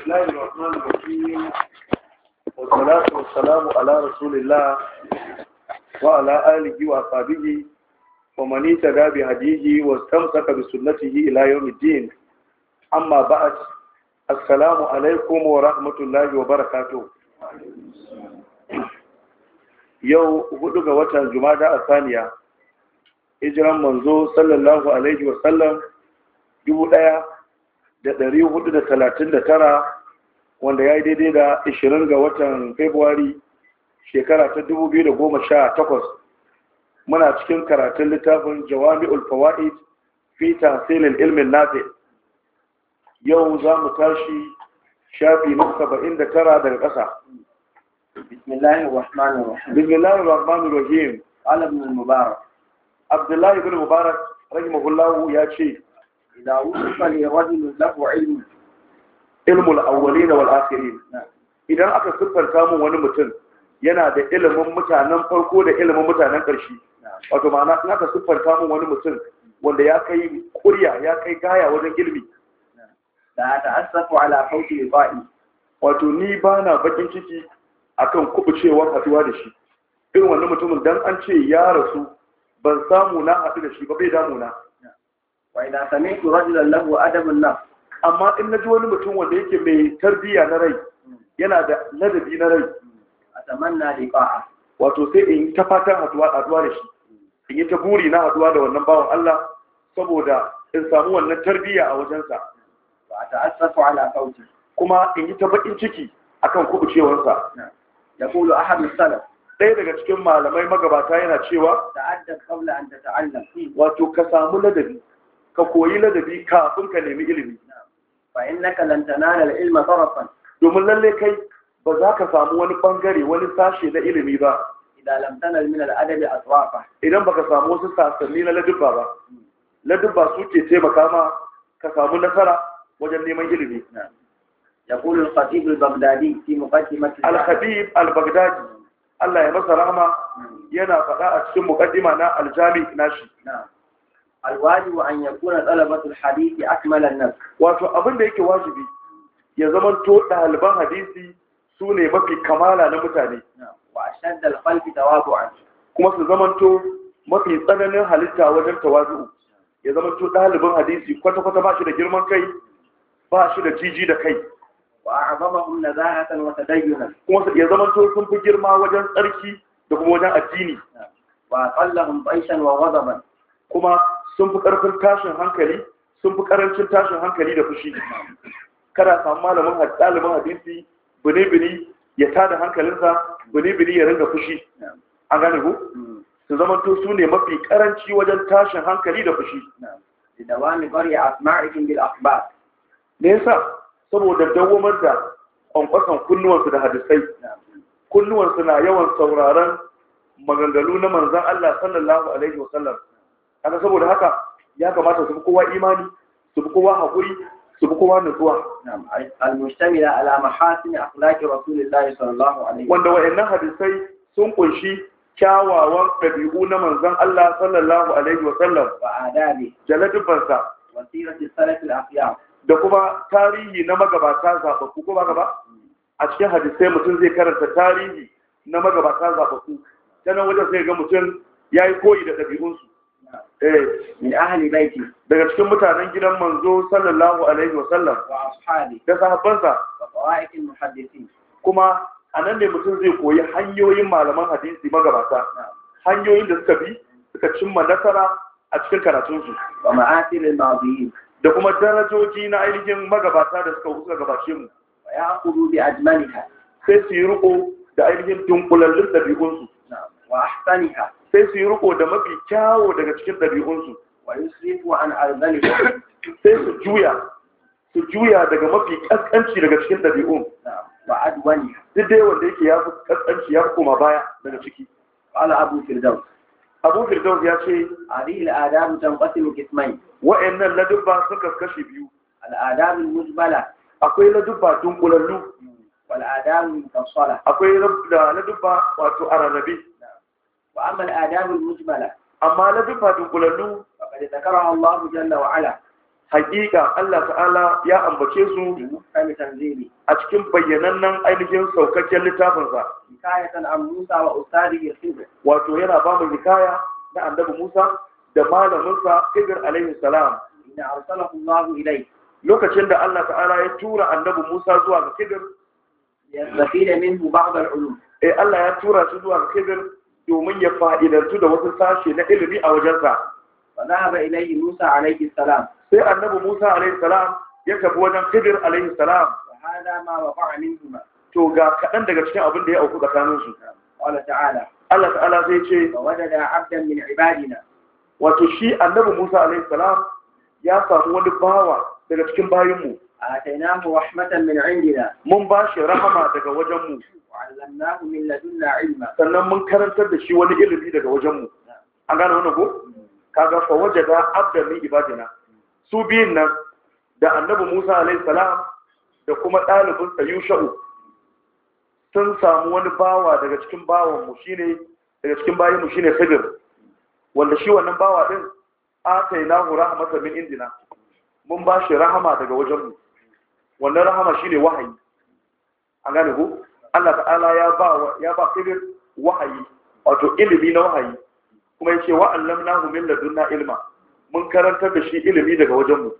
بسم الله الرحمن الرحيم والصلاة والسلام على رسول الله وعلى آله وأصحابه ومن اهتدى بهديه واستمسك بسنته إلى يوم الدين أما بعد السلام عليكم ورحمة الله وبركاته yau hudu ga watan jumada a saniya hijiran manzo sallallahu alaihi wasallam dubu daya da ɗari hudu da talatin da tara wanda ya yi daidai da ashirin ga watan februari shekara ta dubu biyu da goma sha takwas muna cikin karatun littafin jawami fawa'id fi tasirin ilmin nafi yau za mu tashi shafi na saba'in da tara daga ƙasa bismillahir rahmanir rahim alamun mubarak abdullahi bin mubarak rahimahullahu ya ce إذا وصف لرجل له علم علم الأولين والآخرين إذا أكا سفر كامو ونمتن yana da ilimin mutanen farko da ilimin mutanen ƙarshe wato ma'ana ina ka siffar samun wani mutum wanda ya kai kurya ya kai gaya wajen ilimi da ta asafu ala fauti ba'i wato ni ba na bakin ciki akan kubucewar haduwa da shi irin wannan mutumin dan an ce ya rasu ban samu na haɗu da shi ba bai damu na wa ina ku rajulan lahu adamun nan? amma in na ji wani mutum wanda yake mai tarbiyya na rai yana da ladabi na rai a tamanna liqa'a wato sai in ta fatan haduwa haduwa da shi in yi ta buri na haduwa da wannan bawan Allah saboda in samu wannan tarbiyya a wajensa wa ta'assafu ala kauce. kuma in yi ta bakin ciki akan kubucewarsa yaqulu ahadu salaf ɗaya daga cikin malamai magabata yana cewa ta'addab qabla an tata'allam wato ka samu ladabi ka koyi ladabi kafin ka nemi ilimi fa innaka lan tanala al-ilma tarafan domin lalle kai ba za ka samu wani bangare wani sashe na ilimi ba idan lam tanal min al-adabi aswafa idan baka samu wasu sasanni na ladabba ba ladabba su ke taimaka ma ka samu nasara wajen neman ilimi يقول الخطيب البغدادي في مقدمة الخطيب البغدادي الله يمسى رحمه ينا فقاء الشم مقدمة الجامع ناشي نعم alwajibu an yakuna talabatul hadisi akmalan nas wato abin da yake wajibi ya zama to ɗaliban hadisi sune mafi kamala na mutane wa ashadda alqalbi tawadu'an kuma su zama to mafi tsananin halitta wajen tawazu'u ya zama to ɗalibin hadisi kwata kwata ba shi da girman kai ba shi da jiji da kai wa a'zamahum nazahatan wa tadayyunan kuma ya zama to sun fi girma wajen tsarki da kuma wajen addini wa aqallahum baishan wa ghadaban kuma sun fi ƙarfin tashin hankali sun fi ƙarancin tashin hankali da fushi kada samu malamin ɗaliban hadisi bini-bini ya tada hankalinsa bini-bini ya ringa fushi an gane ku su zama to su ne mafi ƙaranci wajen tashin hankali da fushi da wani bari a ma'aikin bil akbar me yasa saboda dawwamar da kwankwason kunnuwansu da hadisai kunnuwansu na yawan sauraron maganganu na manzan Allah sallallahu alaihi wasallam kaga saboda haka ya kamata su kowa imani su kowa hakuri su kowa nutsuwa al-mustamila ala mahasin akhlaqi rasulillahi sallallahu alaihi wanda wayannan hadisai sun kunshi kyawawan ɗabi'u na manzon Allah sallallahu alaihi wa sallam wa adabi jaladubansa wasirati salaf al-aqyam da kuma tarihi na magabata zababbu ko ba a cikin hadisai mutum zai karanta tarihi na magabata zababbu sanan wajen sai ga mutum yayi koyi da ɗabi'unsu Eh, min ahli baiti daga cikin mutanen gidan manzo sallallahu alaihi wa sallam wa ashabi da sahabbansa wa qawaiqil muhaddisin kuma anan ne mutum zai koyi hanyoyin malaman hadisi magabata hanyoyin da suka bi suka cimma nasara a cikin karatunsu wa ma'asilil madiyin da kuma darajoji na ainihin magabata da suka suka gabace mu wa ya'khudhu bi ajmaliha sai su yi riko da ainihin dunkulallin dabi'unsu wa ahsaniha sai su yi riko da mafi kyawo daga cikin ɗabi'unsu sai su juya su juya daga mafi ƙasƙanci daga cikin ɗabi'un duk dai wanda yake ya fi ƙasƙanci ya fi koma baya daga ciki ala abu firdaus abu firdaus ya ce hadhihi al'adab tanqasim qismayn wa'annan ladubba sun kaskashi biyu al'adab al-mujmala akwai ladubba dunkulallu wal adab al-mufassala akwai ladubba wato aranabi wa amma al'adabu mujmala amma na dufa dunkulallu da zakara Allah jalla wa ala hakika Allah ta'ala ya ambace su a cikin bayyanannen ainihin saukakken littafinsa hikayatan an Musa wa ustadihi Khidir wato yana ba mu hikaya na annabi Musa da malaminsa Khidir alaihi salam inna arsalahu Allah ilai lokacin da Allah ya tura annabi Musa zuwa ga Khidir ya zafira minhu ba'd eh Allah ya tura su zuwa ga domin ya fa'idantu da wasu sashe na ilimi a wajensa sai annabi musa عليه السلام سي النبي موسى عليه السلام to ga kaɗan daga cikin abin da ya auku tsakaninsu Allah ta'ala Allah ta'ala zai ce wajada wato shi annabi Musa alaihi salam ya samu wani bawa daga cikin bayinmu atainahu rahmatan min عندنا mun باش rahama daga وعلمناه من لدنا علما sannan mun karantar da shi wani ilimi daga wajen an gane wannan ko kaga fa wajada abdan موسى ibadina su biyun nan da annabi Musa alaihi da kuma ɗalibin Ayusha'u, sun samu wani bawa daga cikin shine daga wanda shi wannan bawa din atainahu rahmatan min indina mun bashi shi rahama daga wajenmu. wannan rahama shine wahayi an gane ko Allah ta'ala ya ba ya ba kibir wahayi wato ilimi na wahayi kuma yace wa allamnahu min ladunna ilma mun karantar da shi ilimi daga wajen mu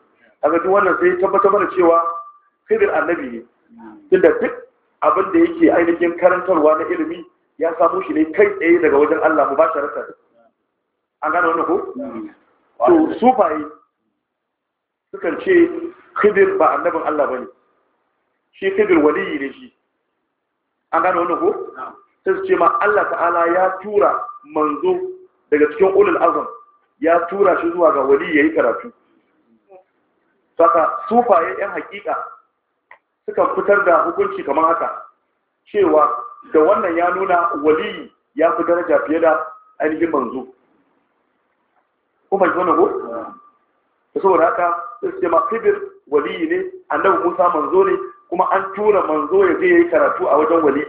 kaga wannan sai tabbatar mana cewa kibir annabi ne tunda duk abin da yake ainihin karantarwa na ilimi ya samu shi ne kai tsaye daga wajen Allah mu ba shi rakar an gane wannan ko hmm. to sufaye sukan ce khidir ba annabin Allah bane shi khidir waliyi ne shi an gano wannan ko sai su ce ma Allah ta'ala ya tura manzo daga cikin ulul azam ya tura shi zuwa ga wali yayi karatu saka sufaye yan hakika suka fitar da hukunci kamar haka cewa da wannan ya nuna waliyi ya fi daraja fiye da ainihin manzo kuma ji wannan ko saboda haka sai su ce ma kibir. wali ne annabi musa manzo ne kuma an tura manzo ya je yi karatu a wajen wali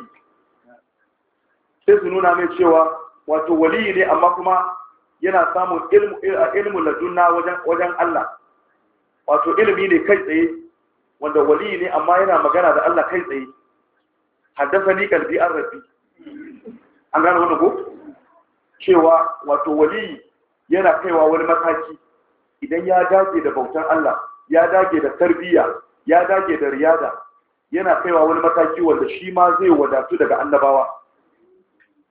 sai su nuna mai cewa wato wali ne amma kuma yana samun ilmu ladunna wajen Allah wato ilimi ne kai tsaye wanda wali ne amma yana magana da Allah kai tsaye haddasa ni kalbi an an gane wani ko cewa wato wali yana kaiwa wani mataki idan ya dace da bautan Allah ya dage da tarbiyya ya dage da riyada yana kaiwa wani mataki wanda shi ma zai wadatu daga annabawa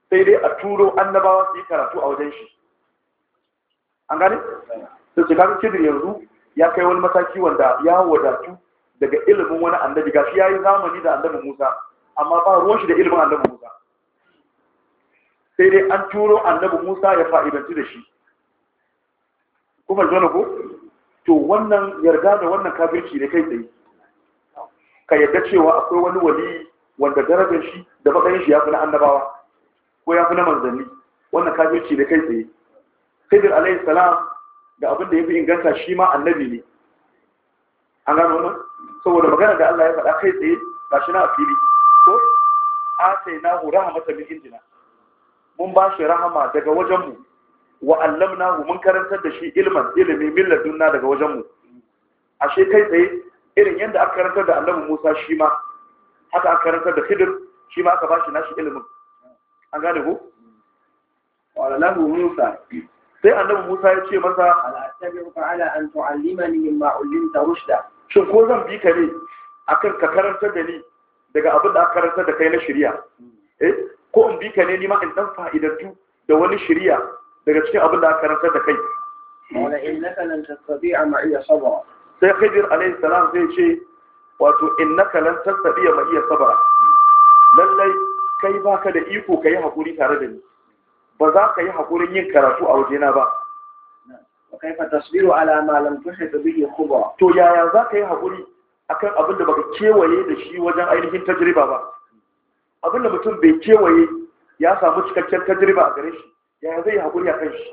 sai dai a turo annabawa su yi karatu a wajen shi an gane? da su kaga kidir yanzu ya kai wani mataki wanda ya wadatu daga ilimin wani annabi gashi ya yi zamani da annabi musa amma ba ruwan shi da ilimin annabi musa sai dai an turo annabi musa ya fa'idanci da shi kuma zuwa ko to wannan yarda da wannan kafirci ne kai tsaye ka yarda cewa akwai wani wali wanda darajar shi da matsayin shi ya fi na annabawa ko ya fi na manzanni wannan kafirci ne kai tsaye khidir alayhi salam da abin da ya fi inganta shi ma annabi ne an gano wannan saboda magana da Allah ya faɗa kai tsaye ba shi na a fili ko a sai na hura rahama ta min injina mun ba shi rahama daga wajenmu wa allamnahu mun karantar da shi ilman ilimi min ladunna daga wajenmu. mu ashe kai tsaye irin yadda aka karantar da annabi Musa shi ma haka aka karantar da Khidir shi ma aka bashi nashi ilimin an gane ku? wala lahu Musa sai annabi Musa ya ce masa ala tabi'uka ala an tu'allimani mimma ullimta rushda shin ko zan bi ka ne akan ka karantar da ni daga abin da aka karantar da kai na shari'a hmm. eh ko in bi ka ne ni ma in dan fa'idatu da wani shari'a daga cikin abin da aka karanta da kai wala innaka lan tastati'a ma'iya sabra sai khidir alayhi salam zai ce wato innaka lan tastati'a ma'iya sabra lallai kai baka da iko kai hakuri tare da ni ba za ka yi hakurin yin karatu a wajena ba wa kaifa tasbiru ala ma lam tuhit bihi khubra to yaya za ka yi hakuri akan abin da baka kewaye da shi wajen ainihin tajriba ba abin da mutum bai kewaye ya samu cikakken tajriba a gare shi يعني زي هقول يا فش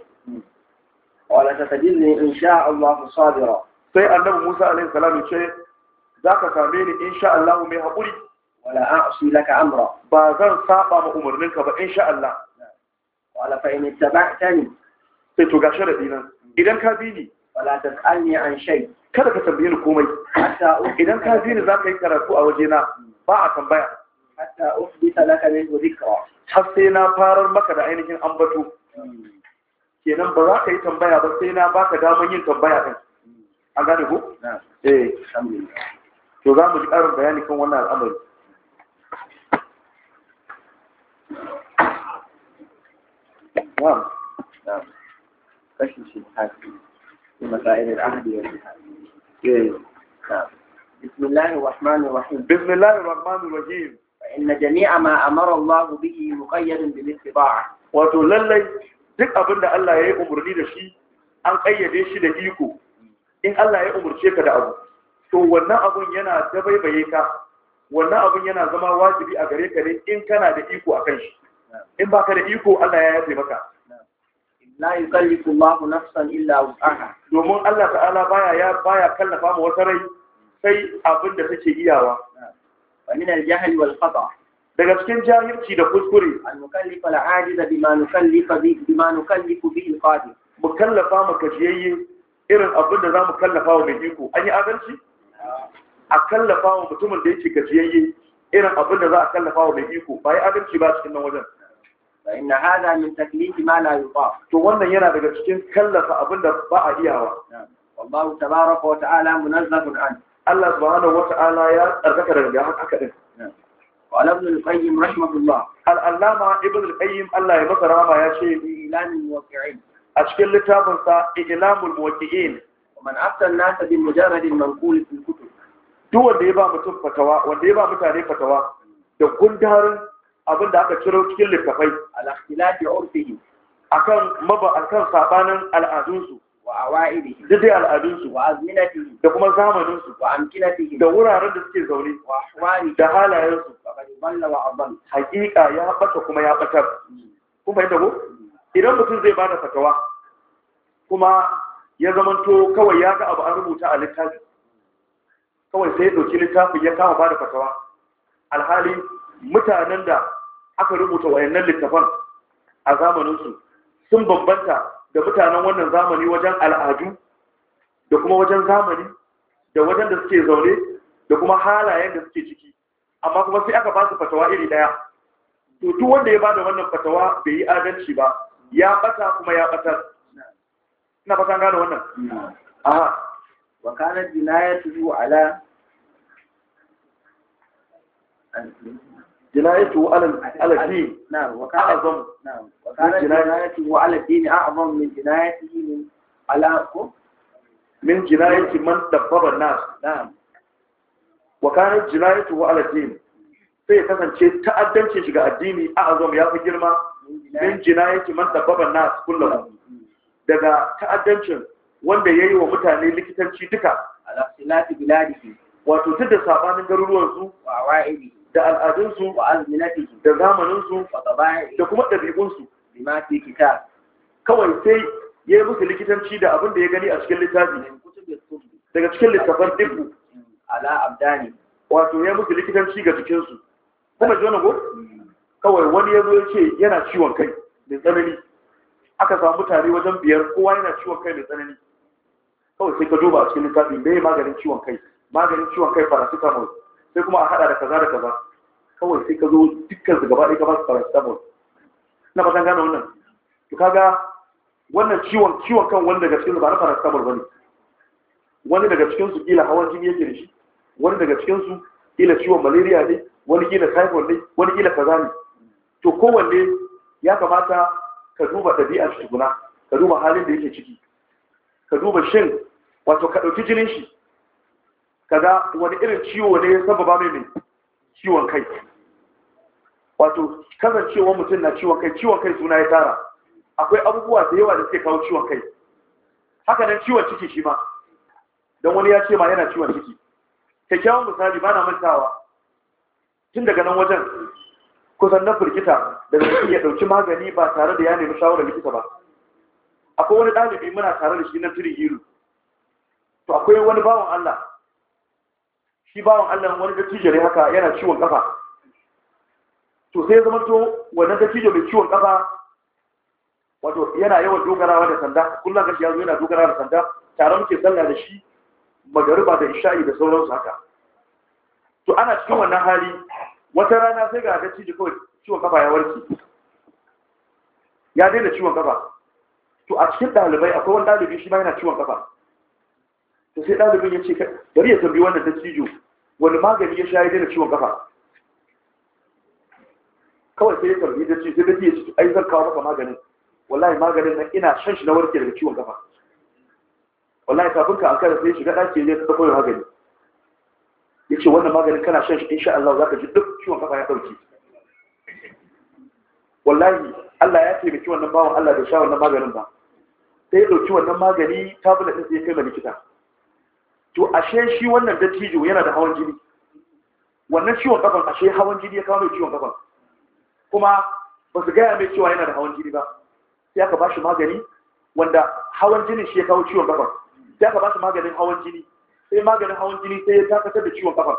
قال ستجدني إن شاء الله صابرا سي النبي موسى عليه السلام يشي ذاك ساميني إن شاء الله مي هقولي ولا أعصي لك أمرا بازن ساقا ما أمرنك بإن شاء الله قال فإن اتبعتني sai to ga sharadi nan idan ka bi ni wala tasalni an shay kada ka tambaye ni komai hatta idan ka bi ni za ka yi karatu a waje na ba a tambaya hatta uhdita laka min dhikra har sai na farar maka da ainihin ambato kenan ba za ka yi tambaya ba sai na baka daman yin tambaya din an gane eh to za mu ji ƙarin bayani kan wannan al'amari shi فإن جميع ما أمر الله به مقيد بالاستطاعة wato lallai duk abin da Allah ya yi umarni da shi an ƙayyade shi da iko in Allah ya umarce ka da abu to wannan abun yana dabaibaye ka wannan abun yana zama wajibi a gare ka ne in kana da iko a kan shi in baka da iko Allah ya yafe maka la yukallifu Allahu nafsan illa wus'aha domin Allah ta'ala baya ya baya kallafa mu wata rai sai abin da take iyawa wa min al-jahl wal khata daga cikin jahilci da kuskure an mukallif al-ajiz bima nukallif bi bima nukallif bi al-qadir mu kallafa mu kajiyayye irin abin da zamu kallafa wa mai iko an yi adalci a kallafa wa mutumin da yake gajiyayye irin abin da za a kallafa wa mai iko ba yi adalci ba cikin nan wajen fa inna hada min taklifi ma la yuqa to wannan yana daga cikin kallafa abin da ba a iyawa wallahu tabaraka wa ta'ala munazzahun an Allah subhanahu wata'ala ya tsarkaka daga haka din وعلى ابن القيم ya الله العلامة ابن القيم الله يبصر ما يا شيخ إعلام الموقعين أشكل لتابنسا إعلام الموقعين ومن أفتى الناس بمجرد المنقول في الكتب Duk wanda ya ba mutum fatawa wanda ya ba mutane fatawa da gundarin abin da aka ciro cikin littafai al-ikhtilafi urfihi akan maba akan sabanin al'adunsu وعوائله لدي الأدنس da wuraren da suke zaune, رد السيزولي وأحواله دهالا ينسو فقد ضل وأضل حقيقة يا بطكما يا بطر kun fahimta ko idan mutum zai bada fatawa kuma ya zamanto kawai ya ga abu an rubuta a littafi kawai sai ya ɗauki littafin ya kama bada fatawa alhali mutanen da aka rubuta wayannan littafan a zamaninsu sun bambanta da mutanen wannan zamani wajen al'adu da kuma wajen zamani da wajen da suke zaune da kuma halayen da suke ciki amma kuma sai aka ba su fatawa iri daya to duk wanda ya bada wannan fatawa bai yi adalci ba ya bata kuma ya batar ina san gane wannan aha wa kana jinayatu ala جنايته على على الدين نعم وكان أعظم نعم وكان جنايته على الدين أعظم من جنايته من على من جناية من دبر الناس نعم وكان جنايته على الدين sai kasance ta'addancin shiga addini a azam ya fi girma min jinayati man dabbaban nas kullum mm. daga ta'addancin wanda ya yi wa mutane likitanci duka wato tun da sabanin garuruwan su da al'adunsu wa alminati da zamaninsu da kuma ɗabi'unsu bima fi kitab kawai sai ya yi musu likitanci da abin da ya gani a cikin littafi daga cikin littafan dibbu hmm. ala abdani wato ya musu likitanci ga jikinsu kuma ji wani kawai wani ya zo ya ce yana ciwon kai mai tsanani aka samu mutane wajen biyar kowa yana ciwon kai mai tsanani kawai sai ka duba a cikin littafi bai maganin ciwon kai maganin ciwon kai paracetamol sai kuma a hada da kaza da kaza kawai sai ka zo dukkan su gaba ɗaya ka ba paracetamol na ba gane wannan to kaga wannan ciwon ciwon kan wani daga cikin su ba na paracetamol bane wani daga cikin su kila hawan jini yake da shi wani daga cikin su kila ciwon malaria ne wani kila typhoid ne wani kila kaza ne to kowanne ya kamata ka duba ɗabi'ar shi tukuna ka duba halin da yake ciki ka duba shin wato ka ɗauki jinin shi kaga wani irin ciwo ne ya sababa mai mai ciwon kai wato kasancewa mutum na ciwon kai ciwon kai suna ya tara akwai abubuwa da yawa da suke kawo ciwon kai haka nan ciwon ciki shi ma don wani ya ce ma yana ciwon ciki kyakkyawan misali ba na mantawa tun daga nan wajen kusan na firgita da zai iya ɗauki magani ba tare da ya nemi shawarar likita ba akwai wani ɗalibi muna tare da shi na tiri hiru to akwai wani bawan Allah shi bawan Allah wani dattijo ne haka yana ciwon kafa to sai zama to wannan dattijo mai ciwon kafa wato yana yawan dogarawa da sanda kullum gashi ya zo yana dogarawa da sanda tare muke sallah da shi magariba da isha'i da sauransu haka to ana cikin wannan hali wata rana sai ga dattijo kawai ciwon kafa ya warke ya daina ciwon kafa to a cikin ɗalibai akwai wani dalibi shi ma yana ciwon kafa to sai ɗalibin ya ce bari ya tambayi wannan dattijo wani magani ya sha ya daina ciwon kafa kawai sai ya karbi da ce sai da ya ce ai zan kawo maka maganin wallahi maganin nan ina shan shi na warke daga ciwon kafa wallahi kafin ka an kada sai shiga ɗaki ne ta koyo magani ya ce wannan maganin kana shan shi insha Allah za ka ji duk ciwon kafa ya ɗauki wallahi Allah ya taimaki wannan bawan Allah da sha wannan maganin ba sai ya ɗauki wannan magani tabula ɗin sai ya kai ma likita to ashe shi wannan dattijo yana da hawan jini wannan ciwon kafan ashe hawan jini ya kawo mai ciwon kafan kuma ba su gaya mai cewa yana da hawan jini ba sai aka ba shi magani wanda hawan jini shi ya kawo ciwon kafar sai aka ba shi maganin hawan jini sai maganin hawan jini sai ya takatar da ciwon kafar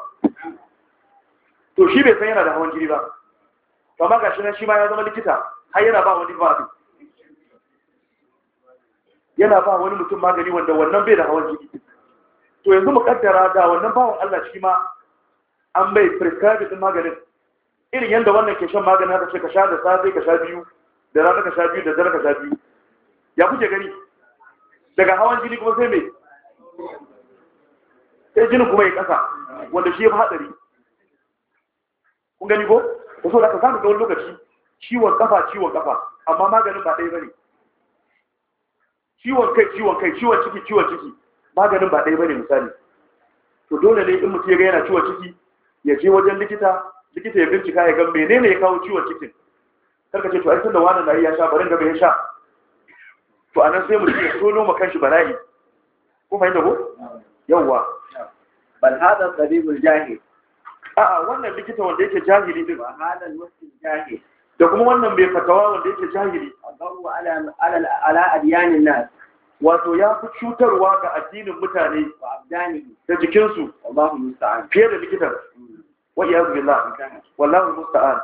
to shi bai san yana da hawan jini ba to amma gashi nan shi ma ya zama likita har yana ba wani ba yana ba wani mutum magani wanda wannan bai da hawan jini to yanzu mu kaddara da wannan bawon Allah shi ma an bai prescribe din maganin irin yadda wannan ke shan magani haka ce ka sha da safe ka sha biyu da rana ka sha biyu da dare ka sha biyu ya kuke gani daga hawan jini kuma sai mai sai jinin kuma ya kasa wanda shi ya fi haɗari. kun gani ko da so da ka samu ga lokaci ciwon kafa ciwon kafa amma maganin ba ɗaya bane ciwon kai ciwon kai ciwon ciki ciwon ciki maganin ba ɗaya bane misali to dole ne in mutum ya ga yana ciwon ciki ya je wajen likita likita ya bincika ya ga menene ya kawo ciwon cikin karka ce to ai tunda wani nayi ya sha barin gaba ya sha to anan sai mu mutum ya no ma kanshi bala'i ko mai dago yawwa bal hada tabibul jahil a'a wannan likita wanda yake jahili din wa hada wasil jahil da kuma wannan bai fatawa wanda yake jahili Allahu ala ala ala adyanin nas wato ya fi cutarwa ga addinin mutane da jikinsu fiye da likitan hmm. والعياذ بالله والله المستعان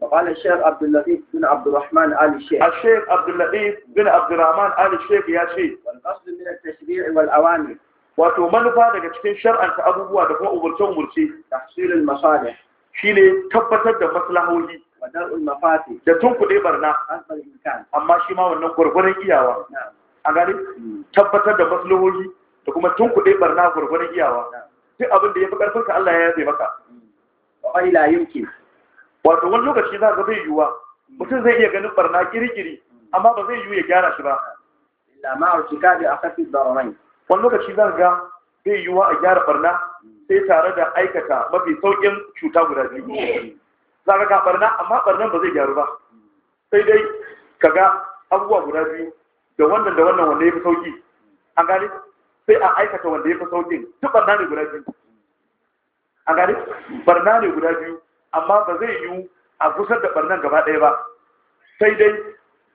وقال الشيخ عبد اللطيف بن عبد الرحمن آل الشيخ الشيخ عبد اللطيف بن عبد الرحمن آل الشيخ يا شيخ والقصد من التشريع wato manufa daga cikin shar'anta abubuwa da kuma umurce-umurce tahsilul masalih shine tabbatar da maslahohi wadarul mafati da kuɗe barna amma shi ma wannan gurgurun iyawa a gani tabbatar da maslahohi da kuma kuɗe barna gurgurun iyawa duk abin da ya fi ƙarfin ka Allah ya yaze maka wani la yumkin wato wani lokaci za ga zai yiwuwa mutum zai iya ganin barna kirikiri amma ba zai yiwu ya gyara shi ba illa ma urtika bi akhafi dararain wani lokaci za ga zai yiwuwa a gyara barna sai tare da aikata mafi saukin cuta guda biyu za ka barna amma barnan ba zai gyaru ba sai dai ka ga abubuwa guda biyu da wannan da wannan wanda ya fi sauki an gani sai a aikata wanda ya fi saukin duk barna ne guda biyu an gari barna ne guda biyu amma ba zai yiwu a kusur da barnan gaba ɗaya ba sai dai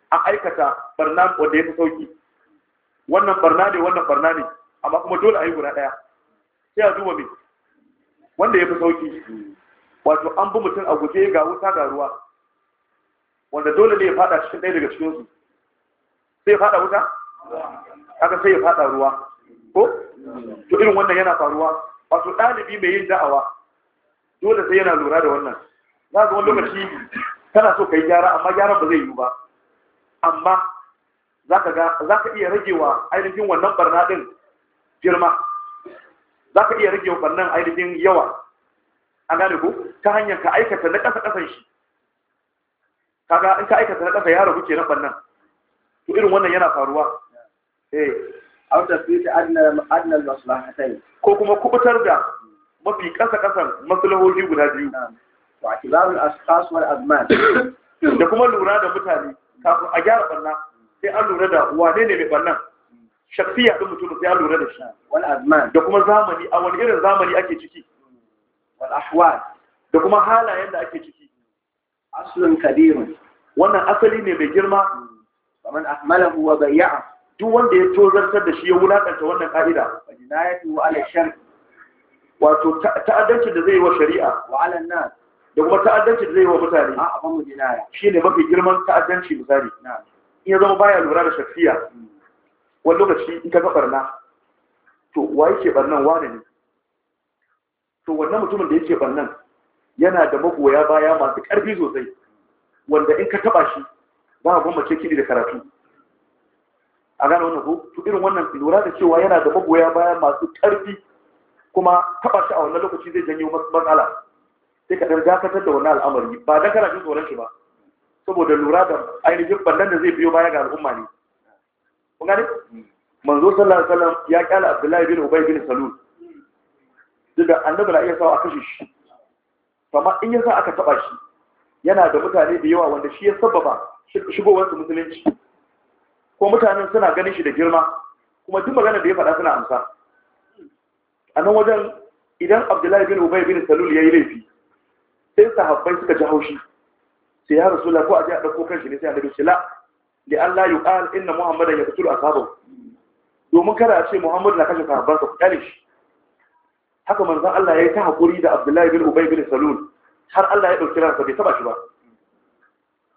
a aikata barna wanda ya fi sauki wannan barna ne wannan barna ne amma kuma dole a yi guda ɗaya sai a duba mai wanda ya fi sauki wato an bi mutum a guje ga wuta ga ruwa wanda dole ne ya fada cikin ɗaya daga su sai ya fada wuta aka sai ya fada ruwa ko to irin wannan yana faruwa wato ɗalibi mai yin da'awa dole sai yana lura da wannan za ga wani lokaci kana so ka yi gyara amma gyaran ba zai yi ba amma za ka iya ragewa ainihin wannan barna ɗin girma za ka iya ragewa barnan ainihin yawa a gane ko ta hanyar ka aikata na ƙasa ƙasan shi kaga in ka aikata na ƙasa ya ragu ke na barnan to irin wannan yana faruwa eh aw tafiti ko kuma kubutar da mafi kasa kasan maslahohi guda biyu wa atibarul ashkhas da kuma lura da mutane kafin a gyara barna sai an lura da wane ne mai barnan shafiya din mutum sai an lura da shi azman da kuma zamani a wani irin zamani ake ciki wal ahwal da kuma halayen da ake ciki aslun kabirun wannan asali ne mai girma faman ahmalahu wa bayya'a duk wanda ya tozartar da shi ya wulaƙanta wannan ka'ida jinayatu ala shar wato ta'addanci da zai yi wa shari'a wa ala da kuma ta'addanci da zai yi wa mutane a ya. jinaya ne mafi girman ta'addanci misali in ya zama baya lura da shafiya hmm. wani lokaci in ka ga barna to wa yake barnan wane ne to wannan mutumin da yake barnan yana da magoya baya masu ƙarfi sosai wanda in ka taɓa shi za a gwammace kiɗi da karatu a gane wannan ko irin wannan lura da cewa yana da magoya bayan masu ƙarfi kuma taɓa shi a wannan lokaci zai janyo matsala sai ka dakatar da wannan al'amari ba dan kana jin tsoron shi ba saboda lura da ainihin bandan da zai biyo baya ga al'umma ne kun gane manzo sallallahu alaihi ya ƙyale abdullahi bin ubay bin salul duk da annabi na iya sawa a kashe shi amma in ya sa aka taɓa shi yana da mutane da yawa wanda shi ya sababa shigowarsu musulunci ko mutanen suna ganin shi da girma kuma duk magana da ya faɗa suna amsa a nan wajen idan abdullahi bin ubay bin salul ya yi laifi sai sahabbai suka ji haushi sai ya rasu ko a ji a ɗauko kan shi ne sai annabi ce la li Allah yu qal inna muhammadan yaqtulu ashabahu domin kada a ce muhammad na kashe sahabbansa ku kyale shi haka manzon Allah ya yi ta hakuri da abdullahi bin ubay bin salul har Allah ya ɗauki ransa bai taba shi ba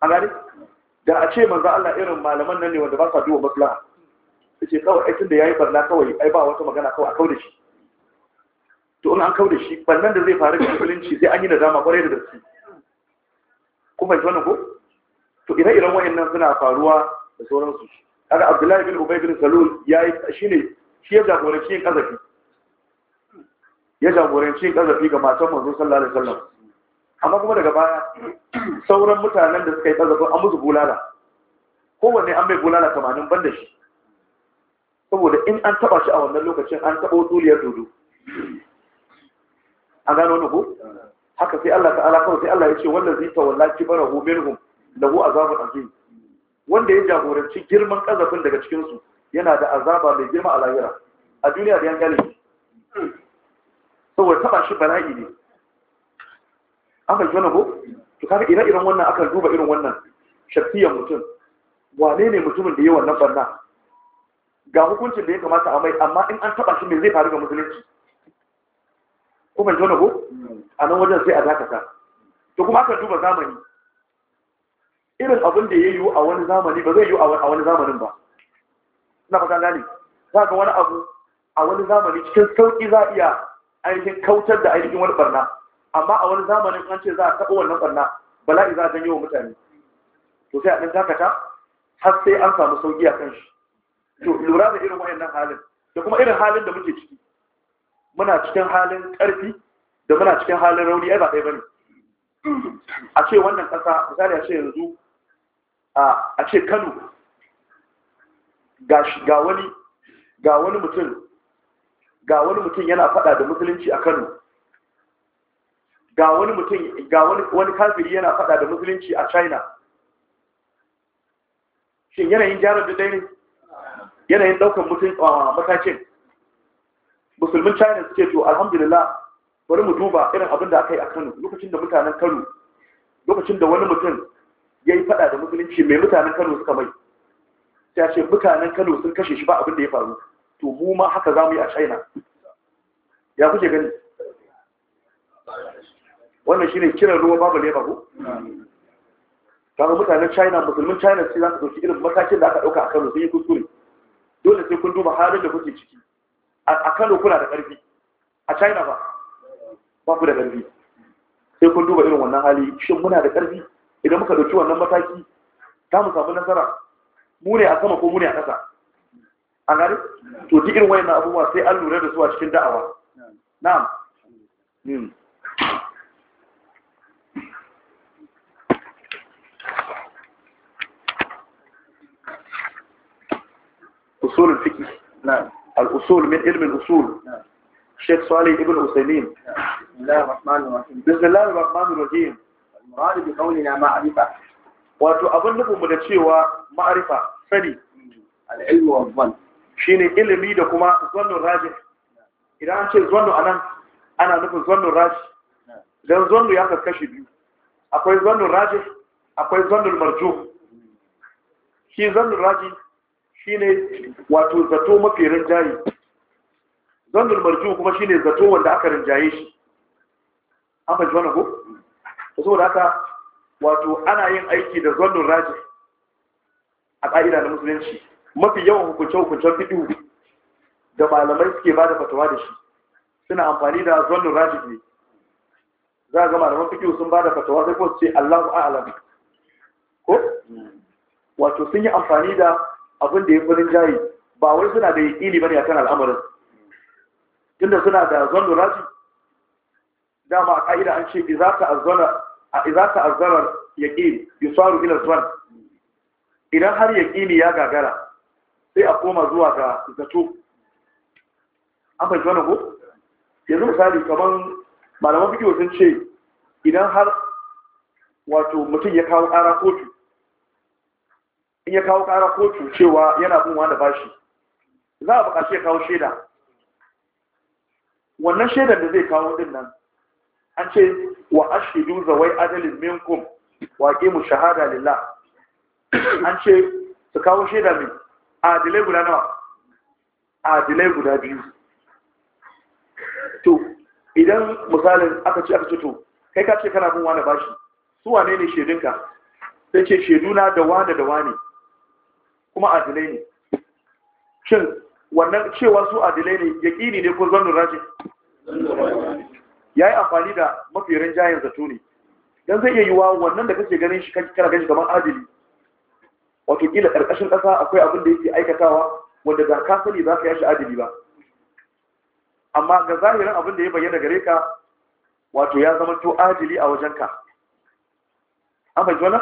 a gani da a ce manzo Allah irin malaman nan ne wanda ba sa duba maslaha yace kawai aikin da yayi barna kawai ai ba wata magana kawai a kau da shi to in an kau da shi bannan da zai faru da musulunci sai an yi nadama kwarai da gaske kuma ita wannan ko to ire-iren wayannan suna faruwa da su. kaga Abdullahi bin Ubay bin Salul yayi shine shi ya jagoranci yin kazafi ya jagoranci yin kazafi ga matan manzo sallallahu alaihi wasallam amma kuma daga baya sauran mutanen da suka yi tsazafin an musu bulala kowanne an mai bulala tamanin banda shi saboda in an taba shi a wannan lokacin an taba tsuliyar dodo an gano wani ko haka sai Allah ta'ala kawai sai Allah ya ce wanda zai tawalla hu minhum lahu azabun azim wanda ya jagoranci girman kazafin daga cikin su yana da azaba mai girma a lahira a duniya da yan galibi saboda taba shi bala'i ne aka fahimci wannan ko to kaga ire-iren wannan aka duba irin wannan shafiyan mutum wane ne mutumin da ya wannan barna ga hukuncin da ya kamata a mai amma in an taba shi me zai faru ga musulunci ko ban jona ko a nan wajen sai a dakata to kuma aka duba zamani irin abin da ya yiwu a wani zamani ba zai yiwu a wani zamanin ba ina fata gane za ga wani abu a wani zamani cikin sauƙi za a iya ainihin kautar da ainihin wani barna amma a wani zamanin an ce za a taɓa wannan ɓanna bala'i za a janyo wa mutane to sai a ɗan dakata har sai an samu sauƙi a kan shi to lura da irin wayannan halin da kuma irin halin da muke ciki muna cikin halin ƙarfi da muna cikin halin rauni ai ba ɗaya bane a ce wannan ƙasa misali a ce yanzu a ce Kano ga wani mutum yana faɗa da musulunci a Kano ga wani mutum ga wani kafiri yana fada da musulunci a china shin yanayin gyara da dai ne yanayin daukan mutum matakin musulmin china suke to alhamdulillah bari mu duba irin abin da aka yi a kano lokacin da mutanen kano lokacin da wani mutum ya yi fada da musulunci mai mutanen kano suka mai ta ce mutanen kano sun kashe shi ba abin da ya faru to mu ma haka za mu yi a china ya kuke gani wannan shine kiran ruwa babu leba ko kaga mutanen china musulmin china sai za su ɗauki irin matakin da aka ɗauka a kano sun yi kuskure dole sai kun duba halin da kuke ciki a kano kuna da ƙarfi a china ba ba ku da ƙarfi sai kun duba irin wannan hali shin muna da ƙarfi idan muka ɗauki wannan mataki za mu samu nasara mu ne a sama ko mu ne a ƙasa a gari to duk irin wayannan abubuwa sai an lura da su a cikin da'awa na'am hmm. أصول الفقه نعم الأصول من علم الأصول نعم الشيخ صالح ابن عثيمين بسم الله الرحمن الرحيم بسم الله الرحمن wato abin nufinmu da cewa ma'arifa sani al'ilmu shi ne ilimi da kuma zannin rajin idan an ce zannu a nan ana nufin zannin rajin don zannu ya kaskashe biyu akwai zannin raji, akwai zannin marjo shi zannin rajin shine wato zato mafi rinjaye zannul marju kuma shine zato wanda aka rinjaye shi an fahimci wannan ko saboda haka wato ana yin aiki da zannul raji a ƙa'ida na musulunci mafi yawan hukunce-hukuncen fiɗu da malamai suke ba da fatawa da shi suna amfani da zannul raji ne za a ga malaman fiɗu sun ba da fatawa sai kuma su ce allahu a'alam ko wato sun yi amfani da abin da ya fi rinjaye ba wai suna da yaƙini ba ne a kan al'amarin tunda suna da zonu raji dama a ƙa'ida an ce iza ta azzarar yaƙini tsaro ila zuwan idan har yaƙini ya gagara sai a koma zuwa ga zato an bai zonu ko yanzu misali kamar malaman fikiyo sun ce idan har wato mutum ya kawo ƙara kotu in ya kawo ƙara kotu cewa yana bin ba bashi za a buƙaci ya kawo shaida wannan shaidar da zai kawo din nan an ce wa ashidu zawai adalin minkum wa mu shahada lilla? an ce su kawo shaida mai adilai guda nawa adilai guda biyu to idan misalin aka ce aka cuto to kai ka ce kana bin ba bashi su wane ne shaidunka sai ce shaiduna da wane da wane kuma adilai ne shin wannan cewa su adilai ne ƙini ne ko zannin rajin ya yi amfani da mafi rinjayen zato ne don zai iya yiwa wannan da kake ganin shi kana ganin kamar adili wato kila ƙarƙashin ƙasa akwai abin da yake aikatawa wanda ga ka sani za ka yashi adili ba amma ga zahirin abin da ya bayyana gare ka wato ya zama to adili a wajenka an fahimci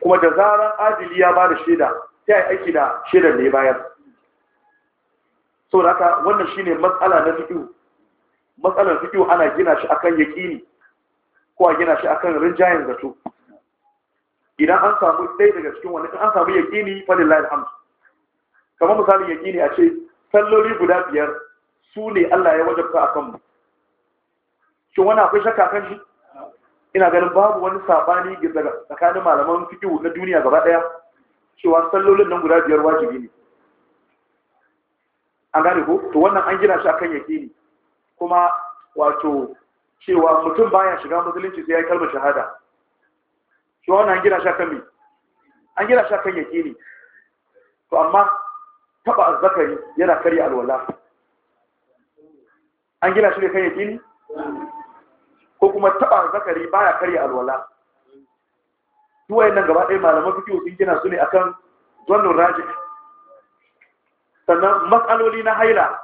kuma da zaran adili ya ba da shaida sai a aiki da shaidar da ya bayar da aka wannan shine matsala na fiƙi matsalar fiƙi ana gina shi akan yaƙini ko a gina shi akan rinjayen zato idan an samu ɗai daga cikin wani an samu yaƙini fadin layin hamsu kamar misalin yaƙini a ce salloli guda biyar su ne allah ya wajabta a kanmu shin wani akwai shakka kan shi ina ganin babu wani saɓani tsakanin malaman fiƙi na duniya gaba ɗaya cewa sallolin nan guda biyar wajibi ne an gane ko to wannan an gina shi akan ne kuma wato cewa mutum baya shiga musulunci sai ya yi kalmar shahada shi wannan an gina shi akan me an gina shi akan ne to amma taba azzakari yana karya alwala an gina shi ne kan ne ko kuma taba azzakari baya karya alwala yin nan gaba ɗaya malaman fikihu sun gina su ne akan zonin rajin? sannan matsaloli na haila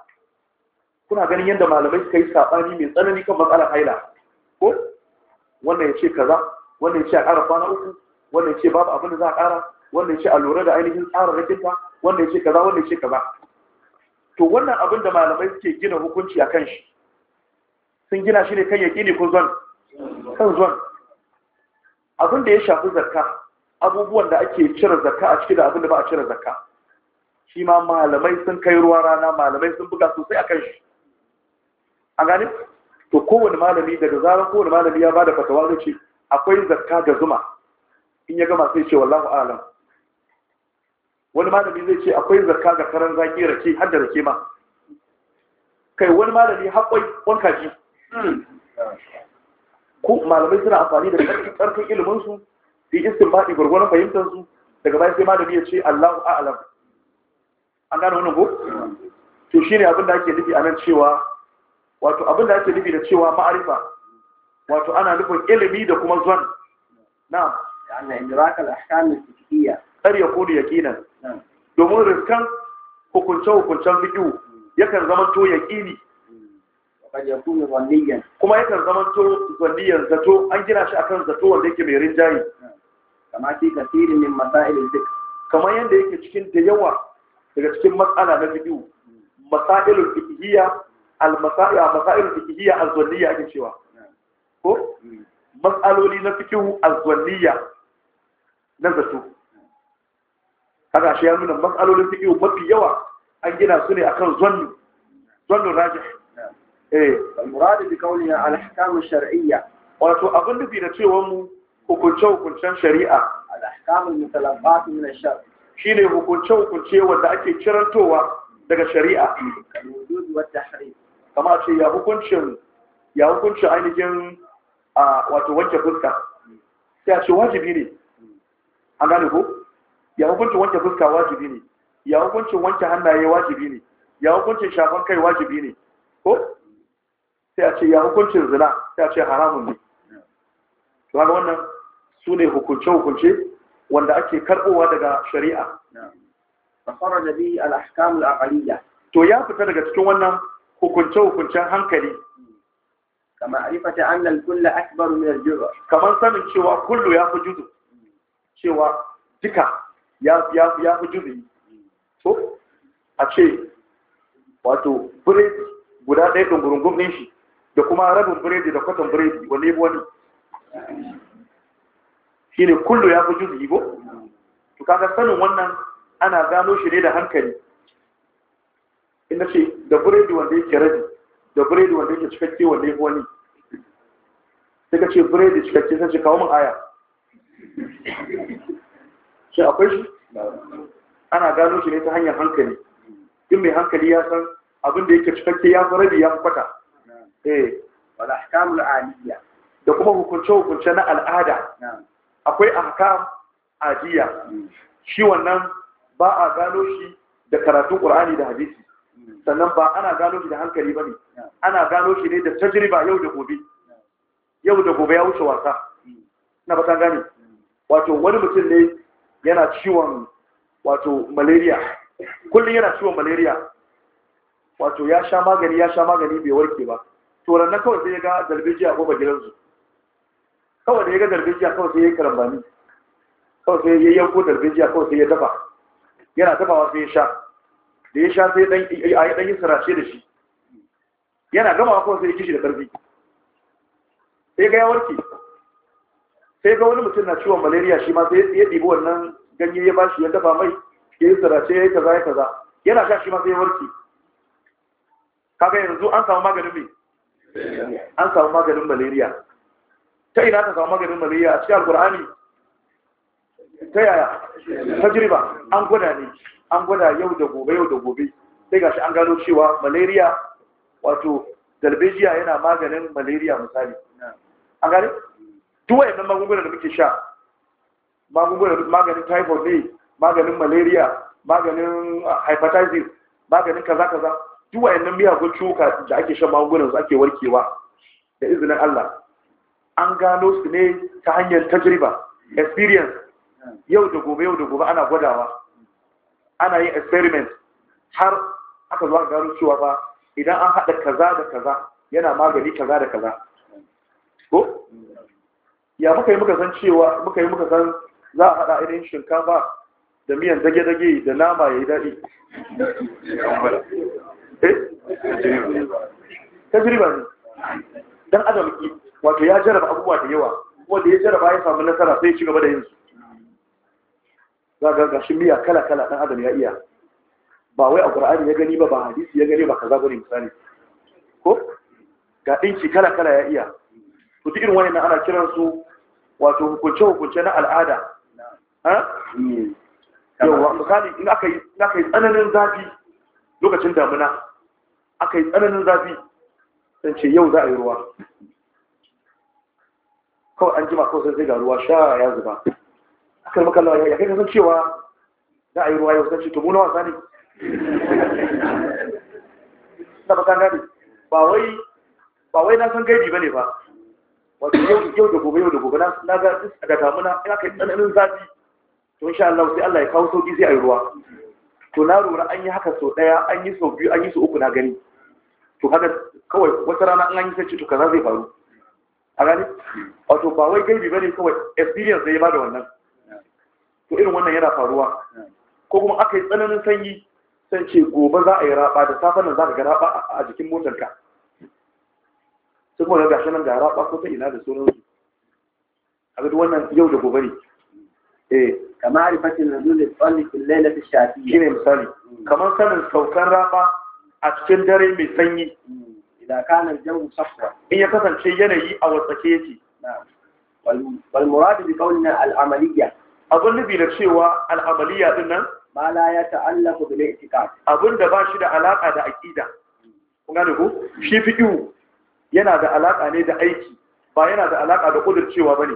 kuna ganin yadda malamai suka yi saɓani mai tsanani kan matsalar haila ko wannan ya ce kaza wannan ya ce a ƙara kwana uku wannan ya ce babu abin da za a ƙara wannan ya ce a lura da ainihin tsara rakinta wannan ya ce kaza wannan ya ce kaza to wannan abin da malamai suke gina hukunci a kan shi sun gina shi ne kan ne ko zon kan zon abin da ya shafi zakka abubuwan da ake cire zakka a ciki da abin da ba a cire zakka shi ma malamai sun kai ruwa rana malamai sun buga sosai a kan shi A gani to kowane malami daga zarar kowane malami ya bada fatawa zai ce akwai zakka da zuma in ya gama sai ce wallahu alam wani malami zai ce akwai zakka ga karan zaki rake har da rake ma kai wani malami haƙwai wanka ji hmm. ko malamai suna amfani da karfin ƙarfin iliminsu su yi istinbadi gurgurun fahimtar su daga bayan sai malami ya ce a a'lam an gane wannan ko to shi ne abin da ake nufi a nan cewa wato abin da ake nufi da cewa ma'arifa wato ana nufin ilimi da kuma zon Na? yana idraka al da al kar ya kodi yakinan. domin riskan hukunce hukuncen biyu yakan zama to yaƙini kuma yakan zamanto zanniyan zato an gina shi akan zato wanda yake mai rinjaye kama fi kasirin min masailin duk kamar yadda yake cikin da yawa daga cikin matsala na fiqh masailul fiqhiyya al masail masailul fiqhiyya al zanniya ake cewa ko hmm. matsaloli na fiqh al zanniya na zato haka shi ya nuna matsalolin fiqh mafi yawa an gina su ne akan zannu zannu rajih eh muradu bi kauni al ahkam shar'iyya wato abin nufi da cewa mu hukunce hukuncen shari'a al ahkam al mutalabbat min al shar shine hukunce hukunce wanda ake kirantowa daga shari'a wujud wa tahrim kama ce ya hukuncin ya hukuncin ainihin wato wanke fuska sai a ce wajibi ne an gane ko ya hukuncin wanke fuska wajibi ne ya hukuncin wanke hannaye wajibi ne ya hukuncin shafan kai wajibi ne ko sai a ce ya hukuncin zina sai a ce haramun ne to ga wannan su ne hukunce-hukunce wanda ake karbowa daga shari'a fasara da biyu a aqaliyya to ya fita daga cikin wannan hukunce-hukuncen hankali kama arifata an kullu akbaru min al-jur'a Kamar sanin cewa kullu ya fi judu cewa duka ya fi juzu to a ce wato biredi guda ɗaya ɗungurungun ɗin shi da kuma rabin biredi da kwatan biredi wanne wani? wani ne kullum ya fi juzi ko to kaga sanin wannan ana gano shi ne da hankali inda ce da biredi wanda yake rabi da biredi wanda yake cikakke wanne bi wani sai ka ce biredi cikakke sai ce kawo mun aya shi akwai shi ana gano shi ne ta hanyar hankali in mai hankali ya san abin da yake cikakke ya fi rabi ya fi kwata eh wal ahkamul aliyya da kuma hukunce hukunce na al'ada akwai ahkam ajiya. Hmm. shi wannan ba a gano shi da karatun qur'ani da hadisi hmm. sannan ba ana gano shi da hankali bane ana gano shi ne da tajriba yau da gobe yau da gobe ya wuce wasa hmm. na ba ta gane wato wani mutum ne yana ciwon wato malaria kullum yana ciwon malaria wato ya sha magani ya sha magani bai warke ba turan na kawai sai ya ga darbeji a kofar gidansu kawai da ya ga darbeji a kawai sai ya yi karambani kawai sai ya yanko darbeji a kawai sai ya dafa yana dafawa sai ya sha da ya sha sai a yi ɗanyin sarashe da shi yana gama kawai sai ya kishi da ƙarfi sai ga ya warke sai ga wani mutum na ciwon malaria shi ma sai ya ɗibi wannan ganye ya bashi ya dafa mai ya yi sarashe ya yi kaza ya kaza yana sha shi ma sai ya warke kaga yanzu an samu maganin mai an samu maganin malaria ta ina ka samu maganin malaria a cikin alkur'ani ta yaya tajriba an gwada ne an gwada yau da gobe yau da gobe sai gashi an gano cewa malaria wato dalbejiya yana maganin malaria misali an gane duwa yadda magungunan da muke sha magungunan maganin typhoid ne maganin malaria maganin ah, hypertizing maganin kaza kaza duk miya miyagun cuka da ake shan magungunan su ake warkewa da izinin Allah an gano su ne ta hanyar tajriba experience yau da gobe yau da gobe ana gwadawa ana yin experiment har aka zuwa gano cewa ba idan an haɗa kaza da kaza yana magani kaza da kaza ko ya muka yi muka san cewa muka yi muka san za a haɗa irin shinkafa da miyan dage-dage da nama ya yi daɗi eh tajriba ne dan adam wato ya jarraba abubuwa da yawa kuma ya jaraba ya samu nasara sai ya ci gaba da yin su za ga gashin miya kala kala dan adam ya iya ba wai a qur'ani ya gani ba ba hadisi ya gani ba kaza bane misali ko ga dinki kala kala ya iya to duk irin wannan ana kiran su wato hukunce hukunce na al'ada ha hmm. yawa misali in aka yi in aka yi tsananin zafi lokacin damuna aka yi tsananin zafi sai ce yau za a yi ruwa kawai an jima kawai sai ga ruwa sha ya zuba aka maka lawa ya kai san cewa za a yi ruwa yau sai ce to mu na wasa ne na baka gane ba wai ba wai na san gaibi bane ba wato yau da gobe yau da gobe na ga daga damuna Ina aka yi tsananin zafi to insha Allah sai Allah ya kawo sauki sai a yi ruwa to na lura an yi haka sau daya an yi sau biyu an yi sau uku na gani to haka kawai wata rana an yi sanci to kaza zai faru a gani wato ba wai gaibi bane kawai experience zai bada wannan to irin wannan yana faruwa ko kuma aka yi tsananin sanyi san ce gobe za a yi raba da safen nan za ka ga raba a jikin motar ka sai kuma ga shi nan ga raba ko ta ina da sauransu a ga wannan yau da gobe ne eh kamar nan dole, tsalli fil lailati shafi shine misali kamar sanin saukan raba a cikin dare mai sanyi idan kana jan safwa in ya kasance yanayi a wasake yake wal murad bi qawlina al amaliyya abun nufi da cewa al amaliyya din nan ma la ya ta'allaqu bil i'tiqad abun da ba shi da alaka da aqida kun gane ko shi fiqhu yana da alaka ne da aiki ba yana da alaka da ba bane